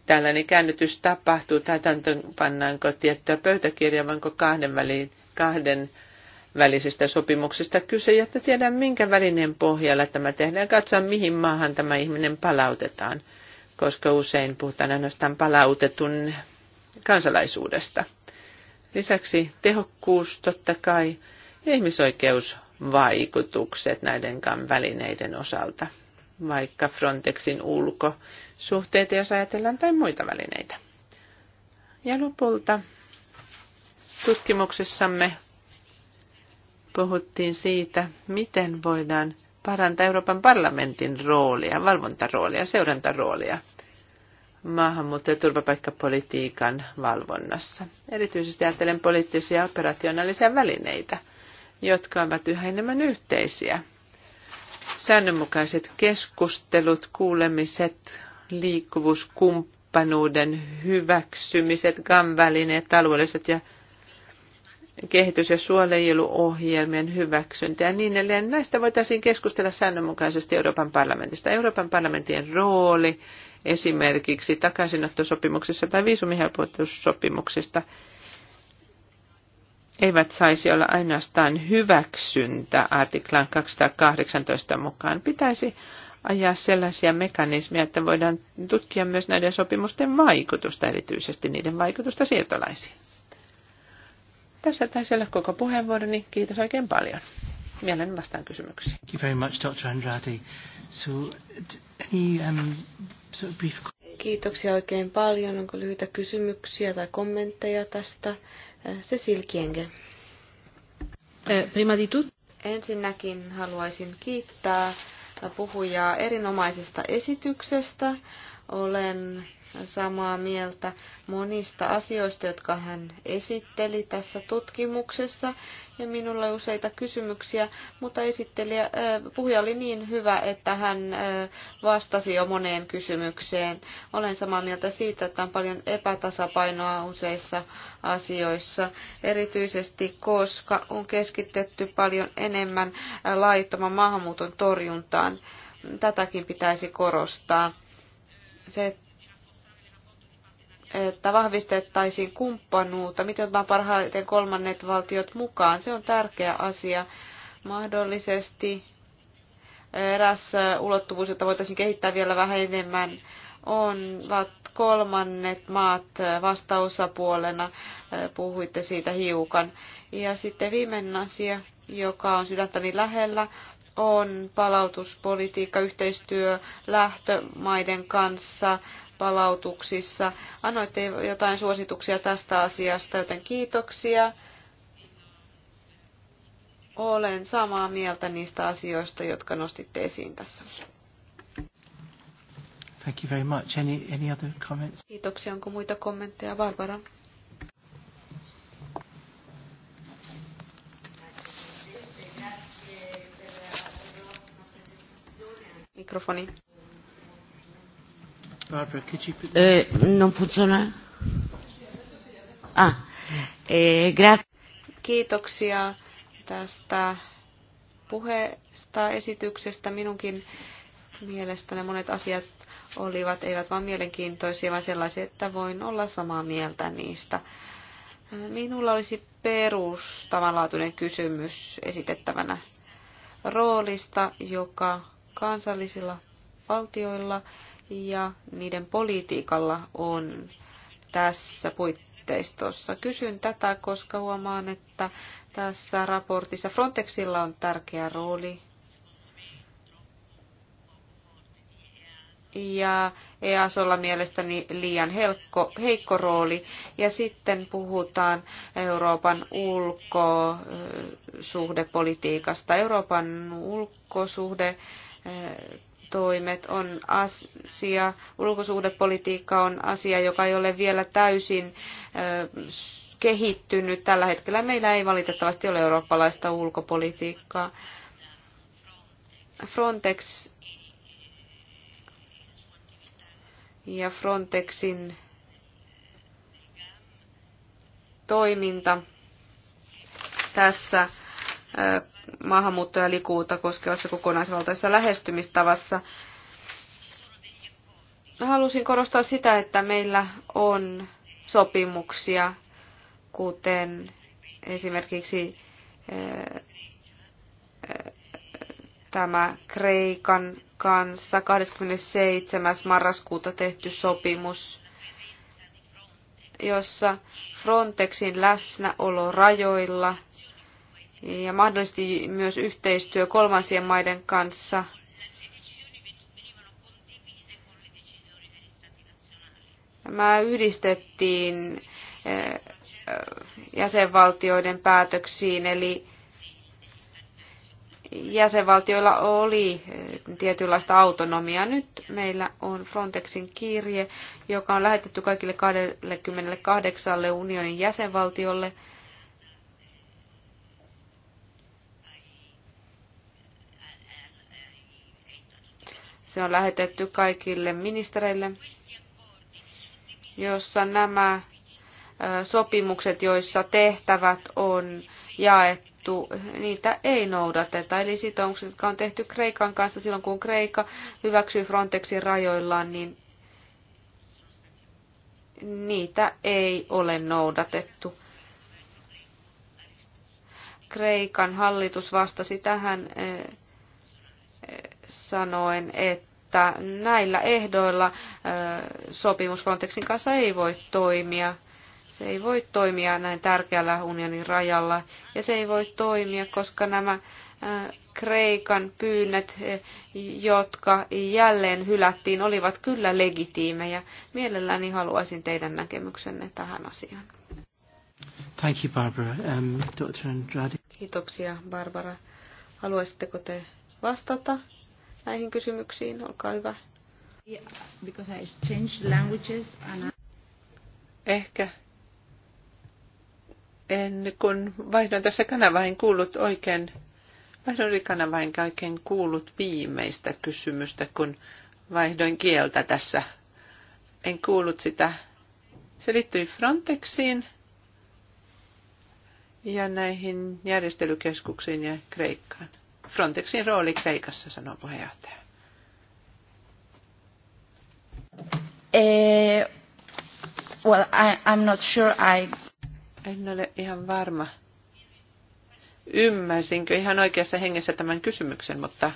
tällainen käännytys tapahtuu, Tätä pannaanko tiettyä pöytäkirjaa, vaanko kahden, väliin, kahden välisistä sopimuksista kyse, jotta tiedän minkä välineen pohjalla tämä tehdään, katsoa mihin maahan tämä ihminen palautetaan, koska usein puhutaan ainoastaan palautetun kansalaisuudesta. Lisäksi tehokkuus totta kai ja ihmisoikeusvaikutukset näidenkaan välineiden osalta vaikka Frontexin ulkosuhteita, jos ajatellaan, tai muita välineitä. Ja lopulta tutkimuksessamme puhuttiin siitä, miten voidaan parantaa Euroopan parlamentin roolia, valvontaroolia, seurantaroolia maahanmuutto- ja turvapaikkapolitiikan valvonnassa. Erityisesti ajattelen poliittisia ja operationaalisia välineitä, jotka ovat yhä enemmän yhteisiä – säännönmukaiset keskustelut, kuulemiset, liikkuvuuskumppanuuden hyväksymiset, GAM-välineet, alueelliset ja kehitys- ja suojeluohjelmien hyväksyntä ja niin edelleen. Näistä voitaisiin keskustella säännönmukaisesti Euroopan parlamentista. Euroopan parlamentin rooli esimerkiksi takaisinottosopimuksissa tai viisumihelpotussopimuksista – eivät saisi olla ainoastaan hyväksyntä artiklan 218 mukaan. Pitäisi ajaa sellaisia mekanismeja, että voidaan tutkia myös näiden sopimusten vaikutusta, erityisesti niiden vaikutusta siirtolaisiin. Tässä taisi olla koko puheenvuoroni. Kiitos oikein paljon. Mielen vastaan kysymyksiin. Thank you very much, Dr. Andrade. So, any, um, sort of brief... Kiitoksia oikein paljon. Onko lyhyitä kysymyksiä tai kommentteja tästä? Cecil Kienge. Eh, prima di tutto. Ensinnäkin haluaisin kiittää puhujaa erinomaisesta esityksestä. Olen samaa mieltä monista asioista, jotka hän esitteli tässä tutkimuksessa. Ja minulla oli useita kysymyksiä, mutta esittelijä, puhuja oli niin hyvä, että hän vastasi jo moneen kysymykseen. Olen samaa mieltä siitä, että on paljon epätasapainoa useissa asioissa, erityisesti koska on keskitetty paljon enemmän laittoman maahanmuuton torjuntaan. Tätäkin pitäisi korostaa. Se, että vahvistettaisiin kumppanuutta, miten otetaan parhaiten kolmannet valtiot mukaan. Se on tärkeä asia. Mahdollisesti eräs ulottuvuus, jota voitaisiin kehittää vielä vähän enemmän, on kolmannet maat vastaosapuolena. Puhuitte siitä hiukan. Ja sitten viimeinen asia, joka on sydäntäni lähellä, on palautuspolitiikka, yhteistyö lähtömaiden kanssa, palautuksissa. Annoitte jotain suosituksia tästä asiasta, joten kiitoksia. Olen samaa mieltä niistä asioista, jotka nostitte esiin tässä. Thank you very much. Any, any other comments? Kiitoksia. Onko muita kommentteja, Barbara? Mikrofoni. Barbara, could you put... eh, non funziona? Ah, eh, grazie. Kiitoksia tästä puheesta, esityksestä. Minunkin mielestäni monet asiat olivat eivät vain mielenkiintoisia, vaan sellaisia, että voin olla samaa mieltä niistä. Minulla olisi perustavanlaatuinen kysymys esitettävänä roolista, joka kansallisilla valtioilla – ja niiden politiikalla on tässä puitteistossa. Kysyn tätä, koska huomaan, että tässä raportissa Frontexilla on tärkeä rooli. Ja EASolla mielestäni liian helkko, heikko rooli. Ja sitten puhutaan Euroopan ulkosuhdepolitiikasta. Euroopan ulkosuhde toimet on asia, ulkosuhdepolitiikka on asia, joka ei ole vielä täysin kehittynyt. Tällä hetkellä meillä ei valitettavasti ole eurooppalaista ulkopolitiikkaa. Frontex ja Frontexin toiminta tässä maahanmuutto- ja likuutta koskevassa kokonaisvaltaisessa lähestymistavassa. Halusin korostaa sitä, että meillä on sopimuksia, kuten esimerkiksi eh, eh, tämä Kreikan kanssa 27. marraskuuta tehty sopimus, jossa Frontexin läsnäolo rajoilla ja mahdollisesti myös yhteistyö kolmansien maiden kanssa. Nämä yhdistettiin eh, jäsenvaltioiden päätöksiin, eli jäsenvaltioilla oli eh, tietynlaista autonomiaa. Nyt meillä on Frontexin kirje, joka on lähetetty kaikille 28 unionin jäsenvaltiolle – Se on lähetetty kaikille ministereille, jossa nämä sopimukset, joissa tehtävät on jaettu, niitä ei noudateta. Eli sitoumukset, jotka on tehty Kreikan kanssa silloin, kun Kreikka hyväksyy Frontexin rajoillaan, niin niitä ei ole noudatettu. Kreikan hallitus vastasi tähän sanoen, että näillä ehdoilla sopimus Frontexin kanssa ei voi toimia. Se ei voi toimia näin tärkeällä unionin rajalla ja se ei voi toimia, koska nämä Kreikan pyynnöt, jotka jälleen hylättiin, olivat kyllä legitiimejä. Mielelläni haluaisin teidän näkemyksenne tähän asiaan. Thank you, Barbara. Um, Dr. Andrade. Kiitoksia, Barbara. Haluaisitteko te vastata? näihin kysymyksiin. Olkaa hyvä. Ehkä en, kun vaihdoin tässä kanavaa, en kuullut oikein, vaihdoin yli kanavaa, enkä oikein kuullut viimeistä kysymystä, kun vaihdoin kieltä tässä. En kuullut sitä. Se liittyi Frontexiin ja näihin järjestelykeskuksiin ja Kreikkaan. Frontexin rooli Kreikassa, sanoo puheenjohtaja. Eh, well, I, I'm not sure I... En ole ihan varma. Ymmärsinkö ihan oikeassa hengessä tämän kysymyksen, mutta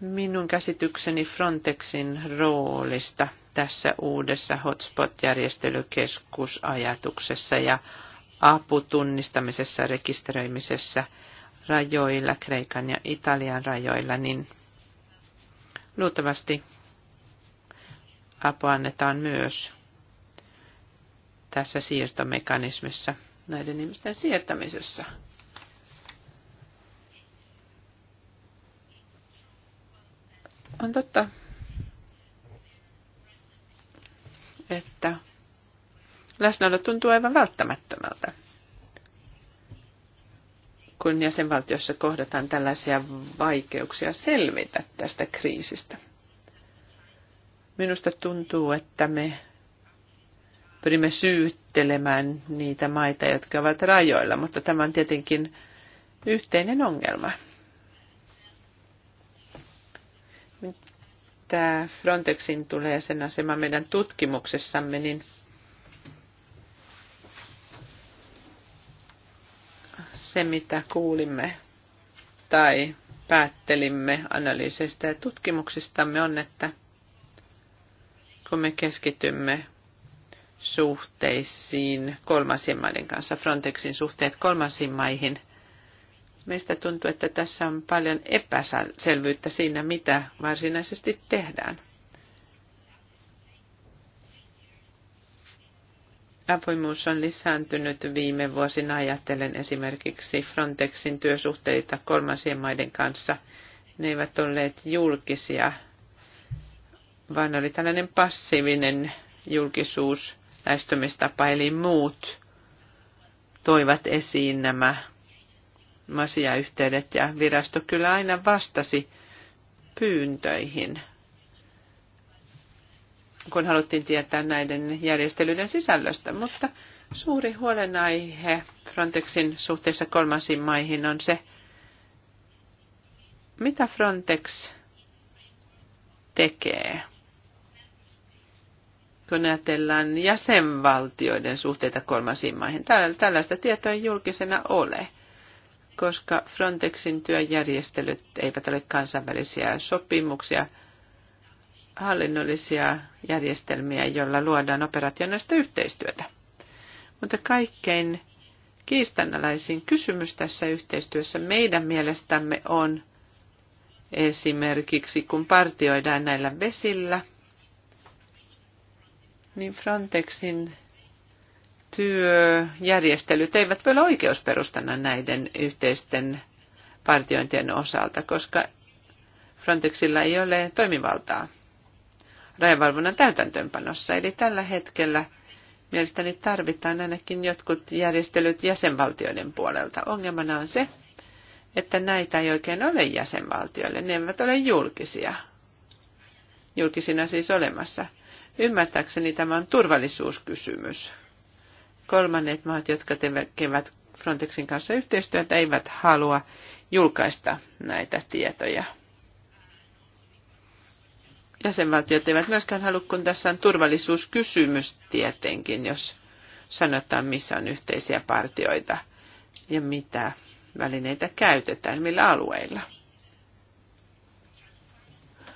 minun käsitykseni Frontexin roolista tässä uudessa hotspot-järjestelykeskusajatuksessa ja aputunnistamisessa rekisteröimisessä – rajoilla, Kreikan ja Italian rajoilla, niin luultavasti apua annetaan myös tässä siirtomekanismissa, näiden ihmisten siirtämisessä. On totta, että läsnäolo tuntuu aivan välttämättömältä kun jäsenvaltiossa kohdataan tällaisia vaikeuksia selvitä tästä kriisistä. Minusta tuntuu, että me pyrimme syyttelemään niitä maita, jotka ovat rajoilla, mutta tämä on tietenkin yhteinen ongelma. Tämä Frontexin tulee sen asema meidän tutkimuksessamme, niin se, mitä kuulimme tai päättelimme analyyseistä ja tutkimuksistamme on, että kun me keskitymme suhteisiin kolmansien maiden kanssa, Frontexin suhteet kolmansiin maihin, meistä tuntuu, että tässä on paljon epäselvyyttä siinä, mitä varsinaisesti tehdään. Avoimuus on lisääntynyt viime vuosina ajatellen esimerkiksi Frontexin työsuhteita kolmansien maiden kanssa. Ne eivät olleet julkisia, vaan oli tällainen passiivinen julkisuus lähestymistapa, eli muut toivat esiin nämä masiayhteydet ja virasto kyllä aina vastasi pyyntöihin kun haluttiin tietää näiden järjestelyiden sisällöstä, mutta suuri huolenaihe Frontexin suhteessa kolmansiin maihin on se, mitä Frontex tekee, kun ajatellaan jäsenvaltioiden suhteita kolmansiin maihin. Tällaista tietoa ei julkisena ole, koska Frontexin työjärjestelyt eivät ole kansainvälisiä sopimuksia – hallinnollisia järjestelmiä, joilla luodaan operationaalista yhteistyötä. Mutta kaikkein kiistanalaisin kysymys tässä yhteistyössä meidän mielestämme on esimerkiksi, kun partioidaan näillä vesillä, niin Frontexin työjärjestelyt eivät voi olla oikeusperustana näiden yhteisten partiointien osalta, koska Frontexilla ei ole toimivaltaa rajavalvonnan täytäntöönpanossa. Eli tällä hetkellä mielestäni tarvitaan ainakin jotkut järjestelyt jäsenvaltioiden puolelta. Ongelmana on se, että näitä ei oikein ole jäsenvaltioille. Ne eivät ole julkisia. Julkisina siis olemassa. Ymmärtääkseni tämä on turvallisuuskysymys. Kolmannet maat, jotka tekevät Frontexin kanssa yhteistyötä, eivät halua julkaista näitä tietoja jäsenvaltiot eivät myöskään halua, kun tässä on turvallisuuskysymys tietenkin, jos sanotaan, missä on yhteisiä partioita ja mitä välineitä käytetään, millä alueilla.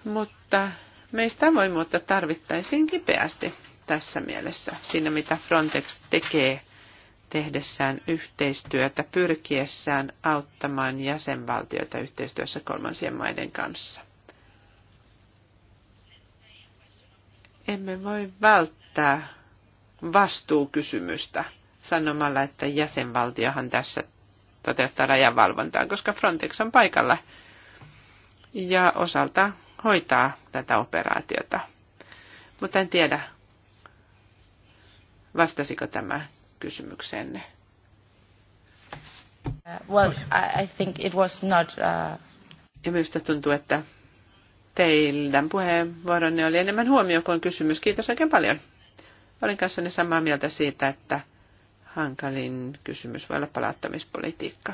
Mutta meistä voi muuttaa tarvittaisiin kipeästi tässä mielessä, siinä mitä Frontex tekee tehdessään yhteistyötä, pyrkiessään auttamaan jäsenvaltioita yhteistyössä kolmansien maiden kanssa. Emme voi välttää vastuukysymystä sanomalla, että jäsenvaltiohan tässä toteuttaa rajavalvontaa, koska Frontex on paikalla ja osalta hoitaa tätä operaatiota. Mutta en tiedä, vastasiko tämä kysymykseenne. Uh, well, I, I think it was not... Uh... Ja minusta tuntuu, että teidän puheenvuoronne oli enemmän huomio kuin kysymys. Kiitos oikein paljon. Olin kanssani samaa mieltä siitä, että hankalin kysymys voi olla palauttamispolitiikka.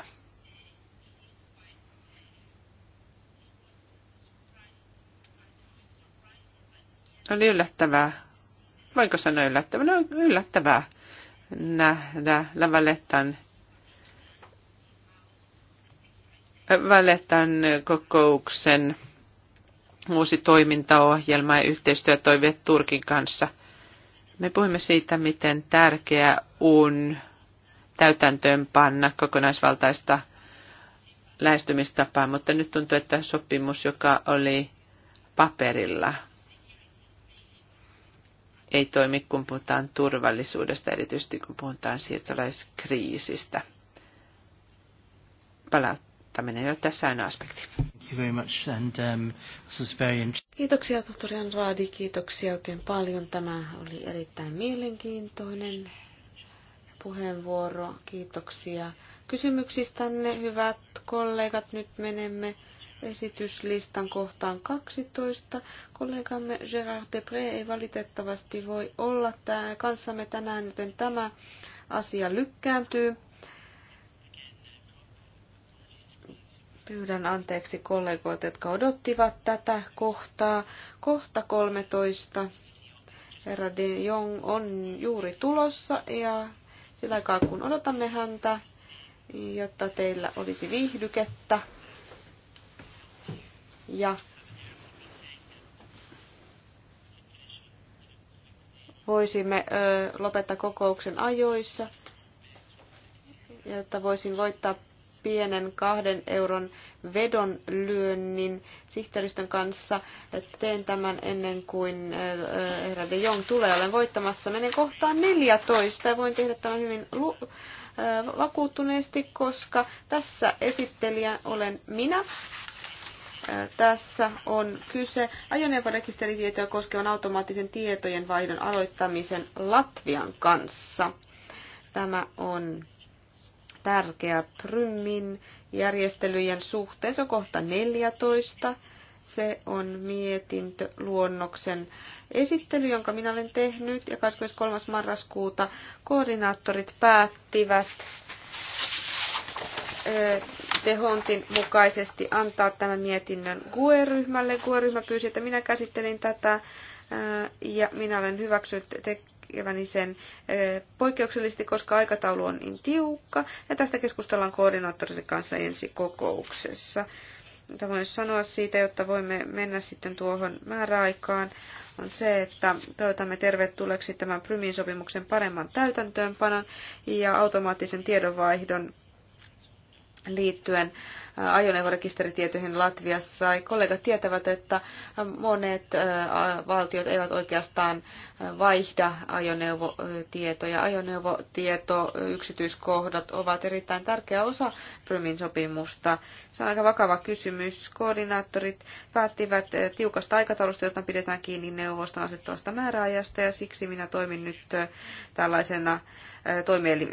Oli yllättävää, voinko sanoa yllättävää, no yllättävää nähdä Lavalettan Vallettan kokouksen uusi toimintaohjelma ja yhteistyötoiveet Turkin kanssa. Me puhumme siitä, miten tärkeää on täytäntöön panna kokonaisvaltaista lähestymistapaa, mutta nyt tuntuu, että sopimus, joka oli paperilla, ei toimi, kun puhutaan turvallisuudesta, erityisesti kun puhutaan siirtolaiskriisistä. Palaut Tämä ei ole tässä aina aspekti. Um, kiitoksia tohtori Raadi. kiitoksia oikein paljon. Tämä oli erittäin mielenkiintoinen puheenvuoro. Kiitoksia kysymyksistänne, hyvät kollegat. Nyt menemme esityslistan kohtaan 12. Kollegamme Gerard Debré ei valitettavasti voi olla kanssamme tänään, joten tämä asia lykkääntyy. Pyydän anteeksi kollegoita, jotka odottivat tätä kohtaa. Kohta 13. Herra De Jong on juuri tulossa ja sillä aikaa kun odotamme häntä, jotta teillä olisi viihdykettä. Ja voisimme lopettaa kokouksen ajoissa, jotta voisin voittaa pienen kahden euron vedonlyönnin sihteeristön kanssa. Teen tämän ennen kuin eh, herra de Jong tulee. Olen voittamassa. Menen kohtaan 14 ja voin tehdä tämän hyvin eh, vakuuttuneesti, koska tässä esittelijä olen minä. Eh, tässä on kyse ajoneuvorekisteritietoja koskevan automaattisen tietojen vaihdon aloittamisen Latvian kanssa. Tämä on tärkeä Prymin järjestelyjen suhteen. Se on kohta 14. Se on mietintö luonnoksen esittely, jonka minä olen tehnyt. Ja 23. marraskuuta koordinaattorit päättivät tehontin mukaisesti antaa tämän mietinnön GUE-ryhmälle. GUE-ryhmä pyysi, että minä käsittelin tätä ja minä olen hyväksynyt te- tekeväni sen poikkeuksellisesti, koska aikataulu on niin tiukka, ja tästä keskustellaan koordinaattorin kanssa ensi kokouksessa. Mitä voin sanoa siitä, jotta voimme mennä sitten tuohon määräaikaan, on se, että toivotamme tervetulleeksi tämän Prymin sopimuksen paremman täytäntöönpanon ja automaattisen tiedonvaihdon liittyen ajoneuvorekisteritietoihin Latviassa. Kollegat tietävät, että monet valtiot eivät oikeastaan vaihda ajoneuvotietoja. Ajoneuvotieto, yksityiskohdat ovat erittäin tärkeä osa Prymin sopimusta. Se on aika vakava kysymys. Koordinaattorit päättivät tiukasta aikataulusta, jota pidetään kiinni neuvoston asettavasta määräajasta ja siksi minä toimin nyt tällaisena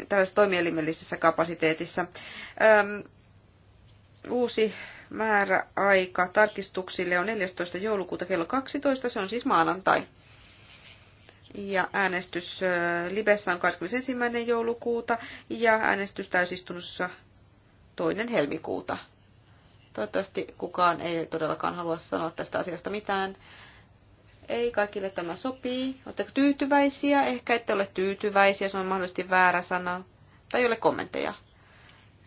tällaisessa toimielimellisessä kapasiteetissa uusi määräaika tarkistuksille on 14. joulukuuta kello 12, se on siis maanantai. Ja äänestys Libessä on 21. joulukuuta ja äänestys täysistunnossa toinen helmikuuta. Toivottavasti kukaan ei todellakaan halua sanoa tästä asiasta mitään. Ei, kaikille tämä sopii. Oletteko tyytyväisiä? Ehkä ette ole tyytyväisiä, se on mahdollisesti väärä sana. Tai ei ole kommentteja.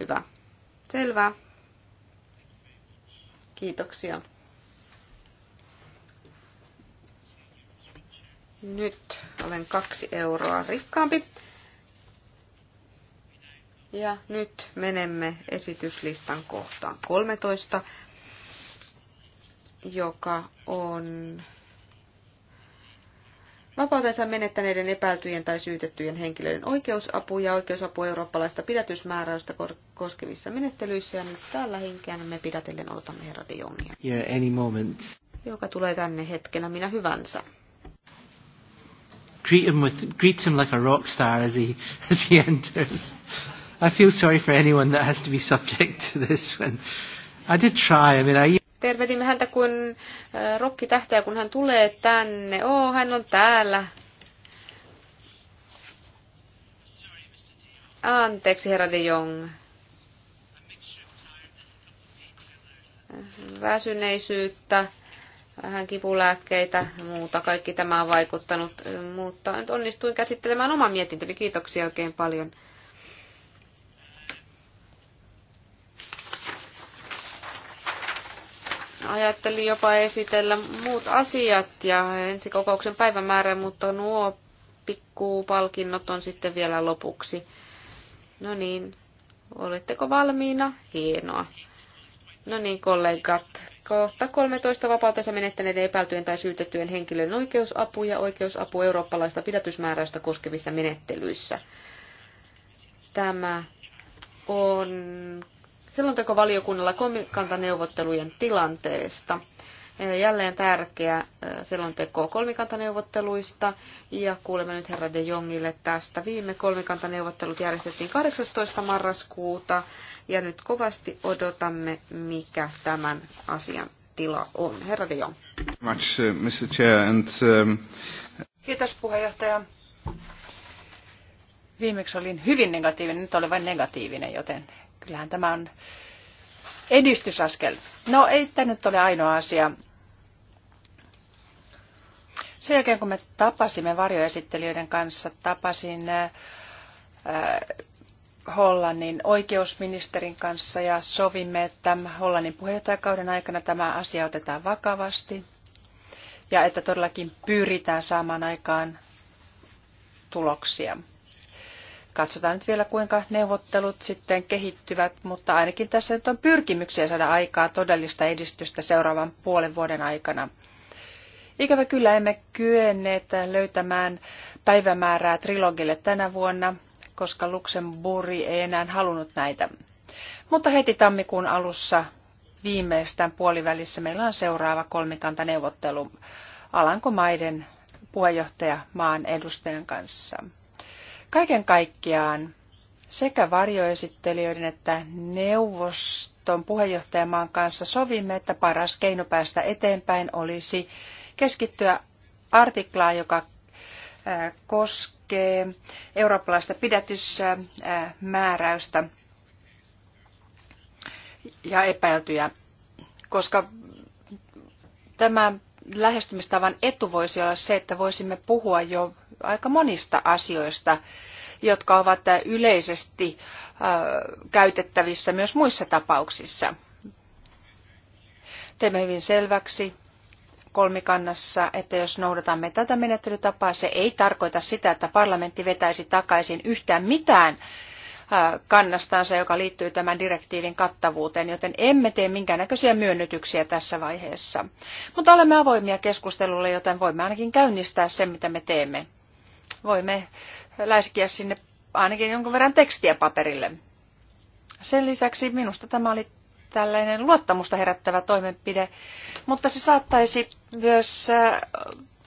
Hyvä. Selvä. Kiitoksia. Nyt olen kaksi euroa rikkaampi. Ja nyt menemme esityslistan kohtaan 13, joka on Vapautensa menettäneiden epäiltyjen tai syytettyjen henkilöiden oikeusapu ja oikeusapu eurooppalaista pidätysmääräystä koskevissa menettelyissä. Ja nyt täällä me pidätellen odotamme herra de Jongia. Yeah, any moment. Joka tulee tänne hetkenä minä hyvänsä. Greet him, with, greet him like a rock star as he, as he enters. I feel sorry for anyone that has to be subject to this one. I did try. I mean, I tervehdimme häntä kuin rokkitähteä, kun hän tulee tänne. Oo, hän on täällä. Anteeksi, herra de Jong. Väsyneisyyttä, vähän kipulääkkeitä ja muuta. Kaikki tämä on vaikuttanut, mutta onnistuin käsittelemään oman mietintöni. Kiitoksia oikein paljon. ajattelin jopa esitellä muut asiat ja ensi kokouksen päivämäärä, mutta nuo pikkupalkinnot on sitten vielä lopuksi. No niin, oletteko valmiina? Hienoa. No niin, kollegat. Kohta 13 vapautensa menettäneiden epäiltyjen tai syytettyjen henkilön oikeusapu ja oikeusapu eurooppalaista pidätysmääräystä koskevissa menettelyissä. Tämä on valiokunnalla kolmikantaneuvottelujen tilanteesta. Jälleen tärkeä selonteko kolmikantaneuvotteluista ja kuulemme nyt herra de Jongille tästä. Viime kolmikantaneuvottelut järjestettiin 18. marraskuuta ja nyt kovasti odotamme, mikä tämän asian tila on. Herra de Jong. Much, uh, Mr. Chair, and, um... Kiitos puheenjohtaja. Viimeksi olin hyvin negatiivinen, nyt olen vain negatiivinen, joten Kyllähän tämä on edistysaskel. No ei tämä nyt ole ainoa asia. Sen jälkeen kun me tapasimme varjoesittelijöiden kanssa, tapasin äh, äh, Hollannin oikeusministerin kanssa ja sovimme, että Hollannin puheenjohtajakauden aikana tämä asia otetaan vakavasti ja että todellakin pyritään saamaan aikaan tuloksia. Katsotaan nyt vielä, kuinka neuvottelut sitten kehittyvät, mutta ainakin tässä nyt on pyrkimyksiä saada aikaa todellista edistystä seuraavan puolen vuoden aikana. Ikävä kyllä emme kyenneet löytämään päivämäärää trilogille tänä vuonna, koska Luxemburgi ei enää halunnut näitä. Mutta heti tammikuun alussa viimeistään puolivälissä meillä on seuraava kolmikantaneuvottelu Alankomaiden puheenjohtajamaan edustajan kanssa. Kaiken kaikkiaan sekä varjoesittelijöiden että neuvoston puheenjohtajamaan kanssa sovimme, että paras keino päästä eteenpäin olisi keskittyä artiklaan, joka äh, koskee eurooppalaista pidätysmääräystä äh, ja epäiltyjä, koska tämä lähestymistavan etu voisi olla se, että voisimme puhua jo aika monista asioista, jotka ovat yleisesti äh, käytettävissä myös muissa tapauksissa. Teemme hyvin selväksi kolmikannassa, että jos noudatamme tätä menettelytapaa, se ei tarkoita sitä, että parlamentti vetäisi takaisin yhtään mitään äh, kannastansa, joka liittyy tämän direktiivin kattavuuteen, joten emme tee minkäännäköisiä myönnytyksiä tässä vaiheessa. Mutta olemme avoimia keskustelulle, joten voimme ainakin käynnistää sen, mitä me teemme voimme läiskiä sinne ainakin jonkun verran tekstiä paperille. Sen lisäksi minusta tämä oli tällainen luottamusta herättävä toimenpide, mutta se saattaisi myös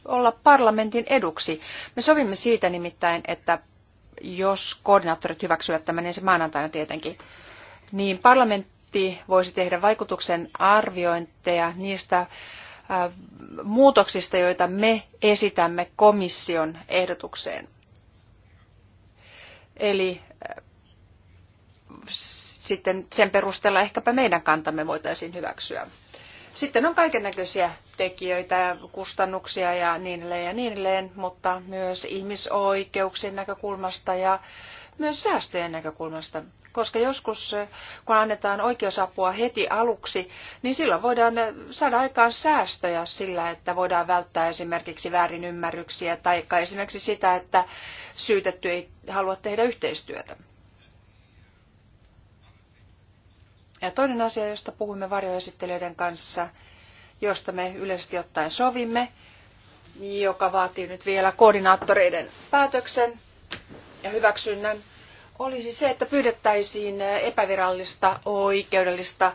olla parlamentin eduksi. Me sovimme siitä nimittäin, että jos koordinaattorit hyväksyvät tämän, niin se maanantaina tietenkin, niin parlamentti voisi tehdä vaikutuksen arviointeja niistä muutoksista, joita me esitämme komission ehdotukseen. Eli sitten sen perusteella ehkäpä meidän kantamme voitaisiin hyväksyä. Sitten on kaiken näköisiä tekijöitä, kustannuksia ja niin edelleen ja niin edelleen, mutta myös ihmisoikeuksien näkökulmasta ja myös säästöjen näkökulmasta, koska joskus eh, kun annetaan oikeusapua heti aluksi, niin silloin voidaan eh, saada aikaan säästöjä sillä, että voidaan välttää esimerkiksi väärinymmärryksiä tai esimerkiksi sitä, että syytetty ei halua tehdä yhteistyötä. Ja toinen asia, josta puhumme varjoesittelijöiden kanssa, josta me yleisesti ottaen sovimme, joka vaatii nyt vielä koordinaattoreiden päätöksen, ja hyväksynnän olisi se, että pyydettäisiin epävirallista oikeudellista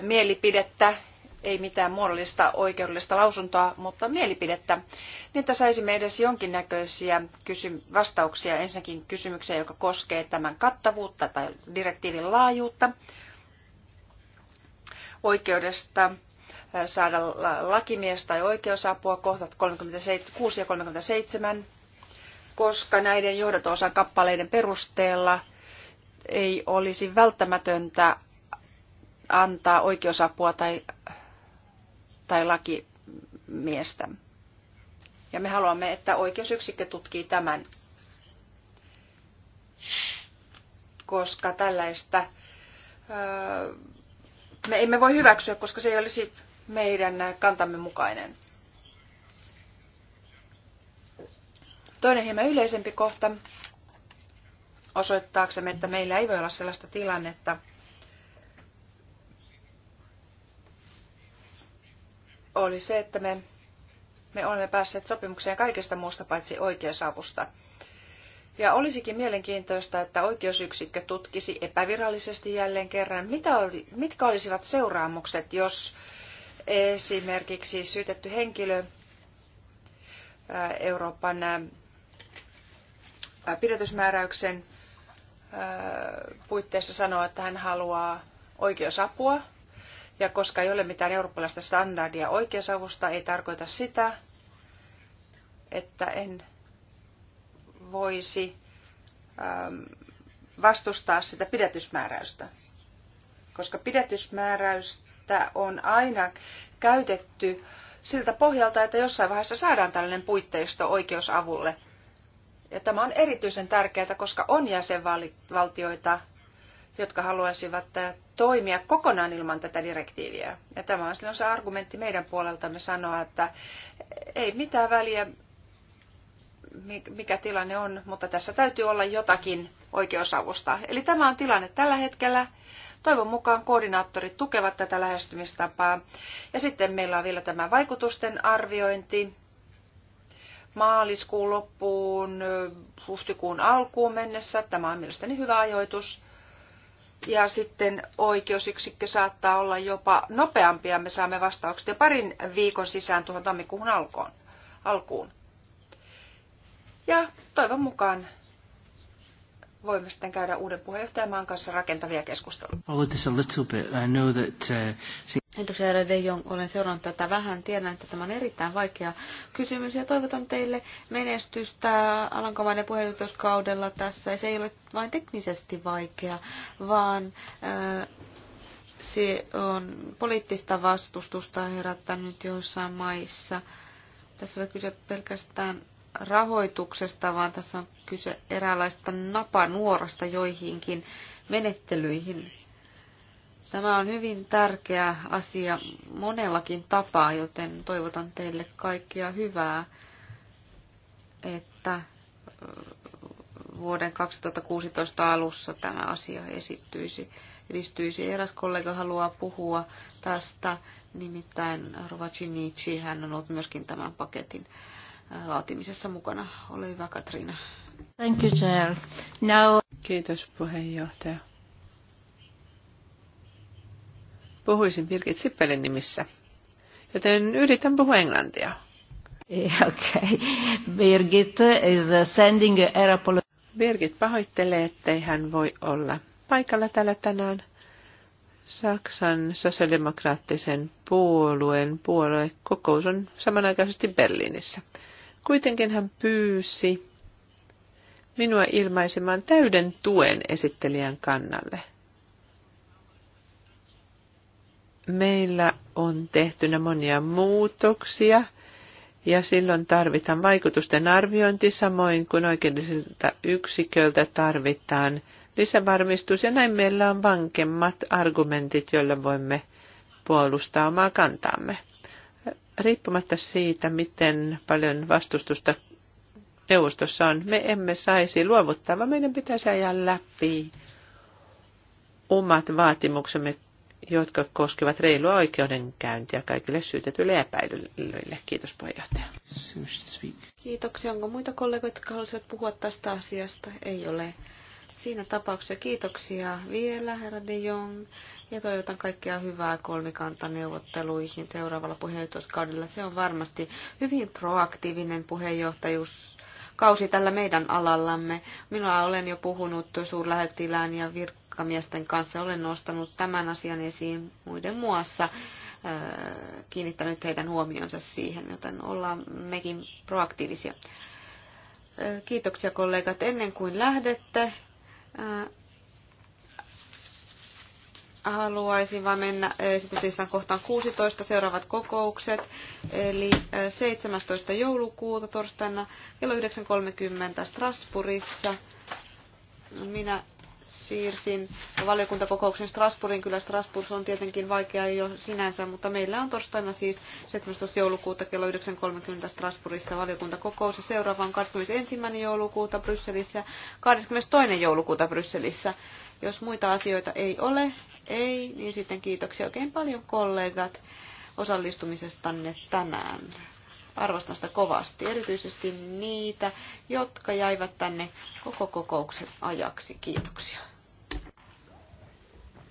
mielipidettä, ei mitään muodollista oikeudellista lausuntoa, mutta mielipidettä, niin että saisimme edes jonkinnäköisiä kysy- vastauksia ensinnäkin kysymykseen, joka koskee tämän kattavuutta tai direktiivin laajuutta, oikeudesta äh, saada lakimies tai oikeusapua, kohtat 36 ja 37, koska näiden johdato kappaleiden perusteella ei olisi välttämätöntä antaa oikeusapua tai, tai lakimiestä. Ja me haluamme, että oikeusyksikkö tutkii tämän, koska tällaista öö, me emme voi hyväksyä, koska se ei olisi meidän kantamme mukainen. Toinen hieman yleisempi kohta osoittaaksemme, että meillä ei voi olla sellaista tilannetta, oli se, että me, me olemme päässeet sopimukseen kaikesta muusta paitsi oikeusavusta. Ja olisikin mielenkiintoista, että oikeusyksikkö tutkisi epävirallisesti jälleen kerran, mitä oli, mitkä olisivat seuraamukset, jos esimerkiksi syytetty henkilö Euroopan Äh, pidätysmääräyksen äh, puitteissa sanoa, että hän haluaa oikeusapua. Ja koska ei ole mitään eurooppalaista standardia oikeusavusta, ei tarkoita sitä, että en voisi ähm, vastustaa sitä pidätysmääräystä. Koska pidätysmääräystä on aina käytetty siltä pohjalta, että jossain vaiheessa saadaan tällainen puitteisto oikeusavulle. Ja tämä on erityisen tärkeää, koska on jäsenvaltioita, jotka haluaisivat äh, toimia kokonaan ilman tätä direktiiviä. Ja tämä on silloin se argumentti meidän puoleltamme sanoa, että ei mitään väliä, mikä tilanne on, mutta tässä täytyy olla jotakin oikeusavusta. Eli tämä on tilanne tällä hetkellä. Toivon mukaan koordinaattorit tukevat tätä lähestymistapaa. Ja sitten meillä on vielä tämä vaikutusten arviointi, maaliskuun loppuun, huhtikuun alkuun mennessä. Tämä on mielestäni hyvä ajoitus. Ja sitten oikeusyksikkö saattaa olla jopa nopeampi ja me saamme vastaukset jo parin viikon sisään tuohon tammikuun alkoon, alkuun. Ja toivon mukaan voimme sitten käydä uuden puheenjohtajamaan kanssa rakentavia keskusteluja. Kiitoksia, De Jong. Olen seurannut tätä vähän. Tiedän, että tämä on erittäin vaikea kysymys ja toivotan teille menestystä Alankomaiden puheenjohtajuuskaudella tässä. Se ei ole vain teknisesti vaikea, vaan äh, se on poliittista vastustusta herättänyt joissain maissa. Tässä on kyse pelkästään rahoituksesta, vaan tässä on kyse eräänlaista napanuorasta joihinkin menettelyihin Tämä on hyvin tärkeä asia monellakin tapaa, joten toivotan teille kaikkia hyvää, että vuoden 2016 alussa tämä asia esittyisi, edistyisi. Eräs kollega haluaa puhua tästä, nimittäin Rova Chinichi, hän on ollut myöskin tämän paketin laatimisessa mukana. Ole hyvä, Katriina. Thank you, Chair. Now... Kiitos, puheenjohtaja. puhuisin Birgit Sippelin nimissä, joten yritän puhua englantia. Eh, okay. Birgit is sending a Birgit pahoittelee, ettei hän voi olla paikalla täällä tänään. Saksan sosiaalidemokraattisen puolueen puoluekokous on samanaikaisesti Berliinissä. Kuitenkin hän pyysi minua ilmaisemaan täyden tuen esittelijän kannalle – meillä on tehtynä monia muutoksia ja silloin tarvitaan vaikutusten arviointi samoin kuin oikeudelliselta yksiköltä tarvitaan lisävarmistus ja näin meillä on vankemmat argumentit, joilla voimme puolustaa omaa kantaamme. Riippumatta siitä, miten paljon vastustusta neuvostossa on, me emme saisi luovuttaa, vaan meidän pitäisi ajaa läpi omat vaatimuksemme jotka koskevat reilua oikeudenkäyntiä kaikille syytetyille ja epäilyille. Kiitos puheenjohtaja. Kiitoksia. Onko muita kollegoita, jotka haluaisivat puhua tästä asiasta? Ei ole. Siinä tapauksessa kiitoksia vielä, herra de Jong, ja toivotan kaikkea hyvää kolmikantaneuvotteluihin seuraavalla puheenjohtajuuskaudella. Se on varmasti hyvin proaktiivinen puheenjohtajuus kausi tällä meidän alallamme. Minä olen jo puhunut suurlähettilään ja vir- virkamiesten kanssa. Olen nostanut tämän asian esiin muiden muassa, kiinnittänyt heidän huomionsa siihen, joten ollaan mekin proaktiivisia. Kiitoksia kollegat. Ennen kuin lähdette, haluaisin vain mennä esityslistan kohtaan 16 seuraavat kokoukset, eli 17. joulukuuta torstaina kello 9.30 Strasbourgissa. Minä siirsin valiokuntakokouksen Strasbourgin. Kyllä Strasbourg on tietenkin vaikea jo sinänsä, mutta meillä on torstaina siis 17. joulukuuta kello 9.30 Strasbourgissa valiokuntakokous. Ja seuraava on 21. joulukuuta Brysselissä ja 22. joulukuuta Brysselissä. Jos muita asioita ei ole, ei, niin sitten kiitoksia oikein paljon kollegat osallistumisestanne tänään. Arvostan sitä kovasti, erityisesti niitä, jotka jäivät tänne koko kokouksen ajaksi. Kiitoksia.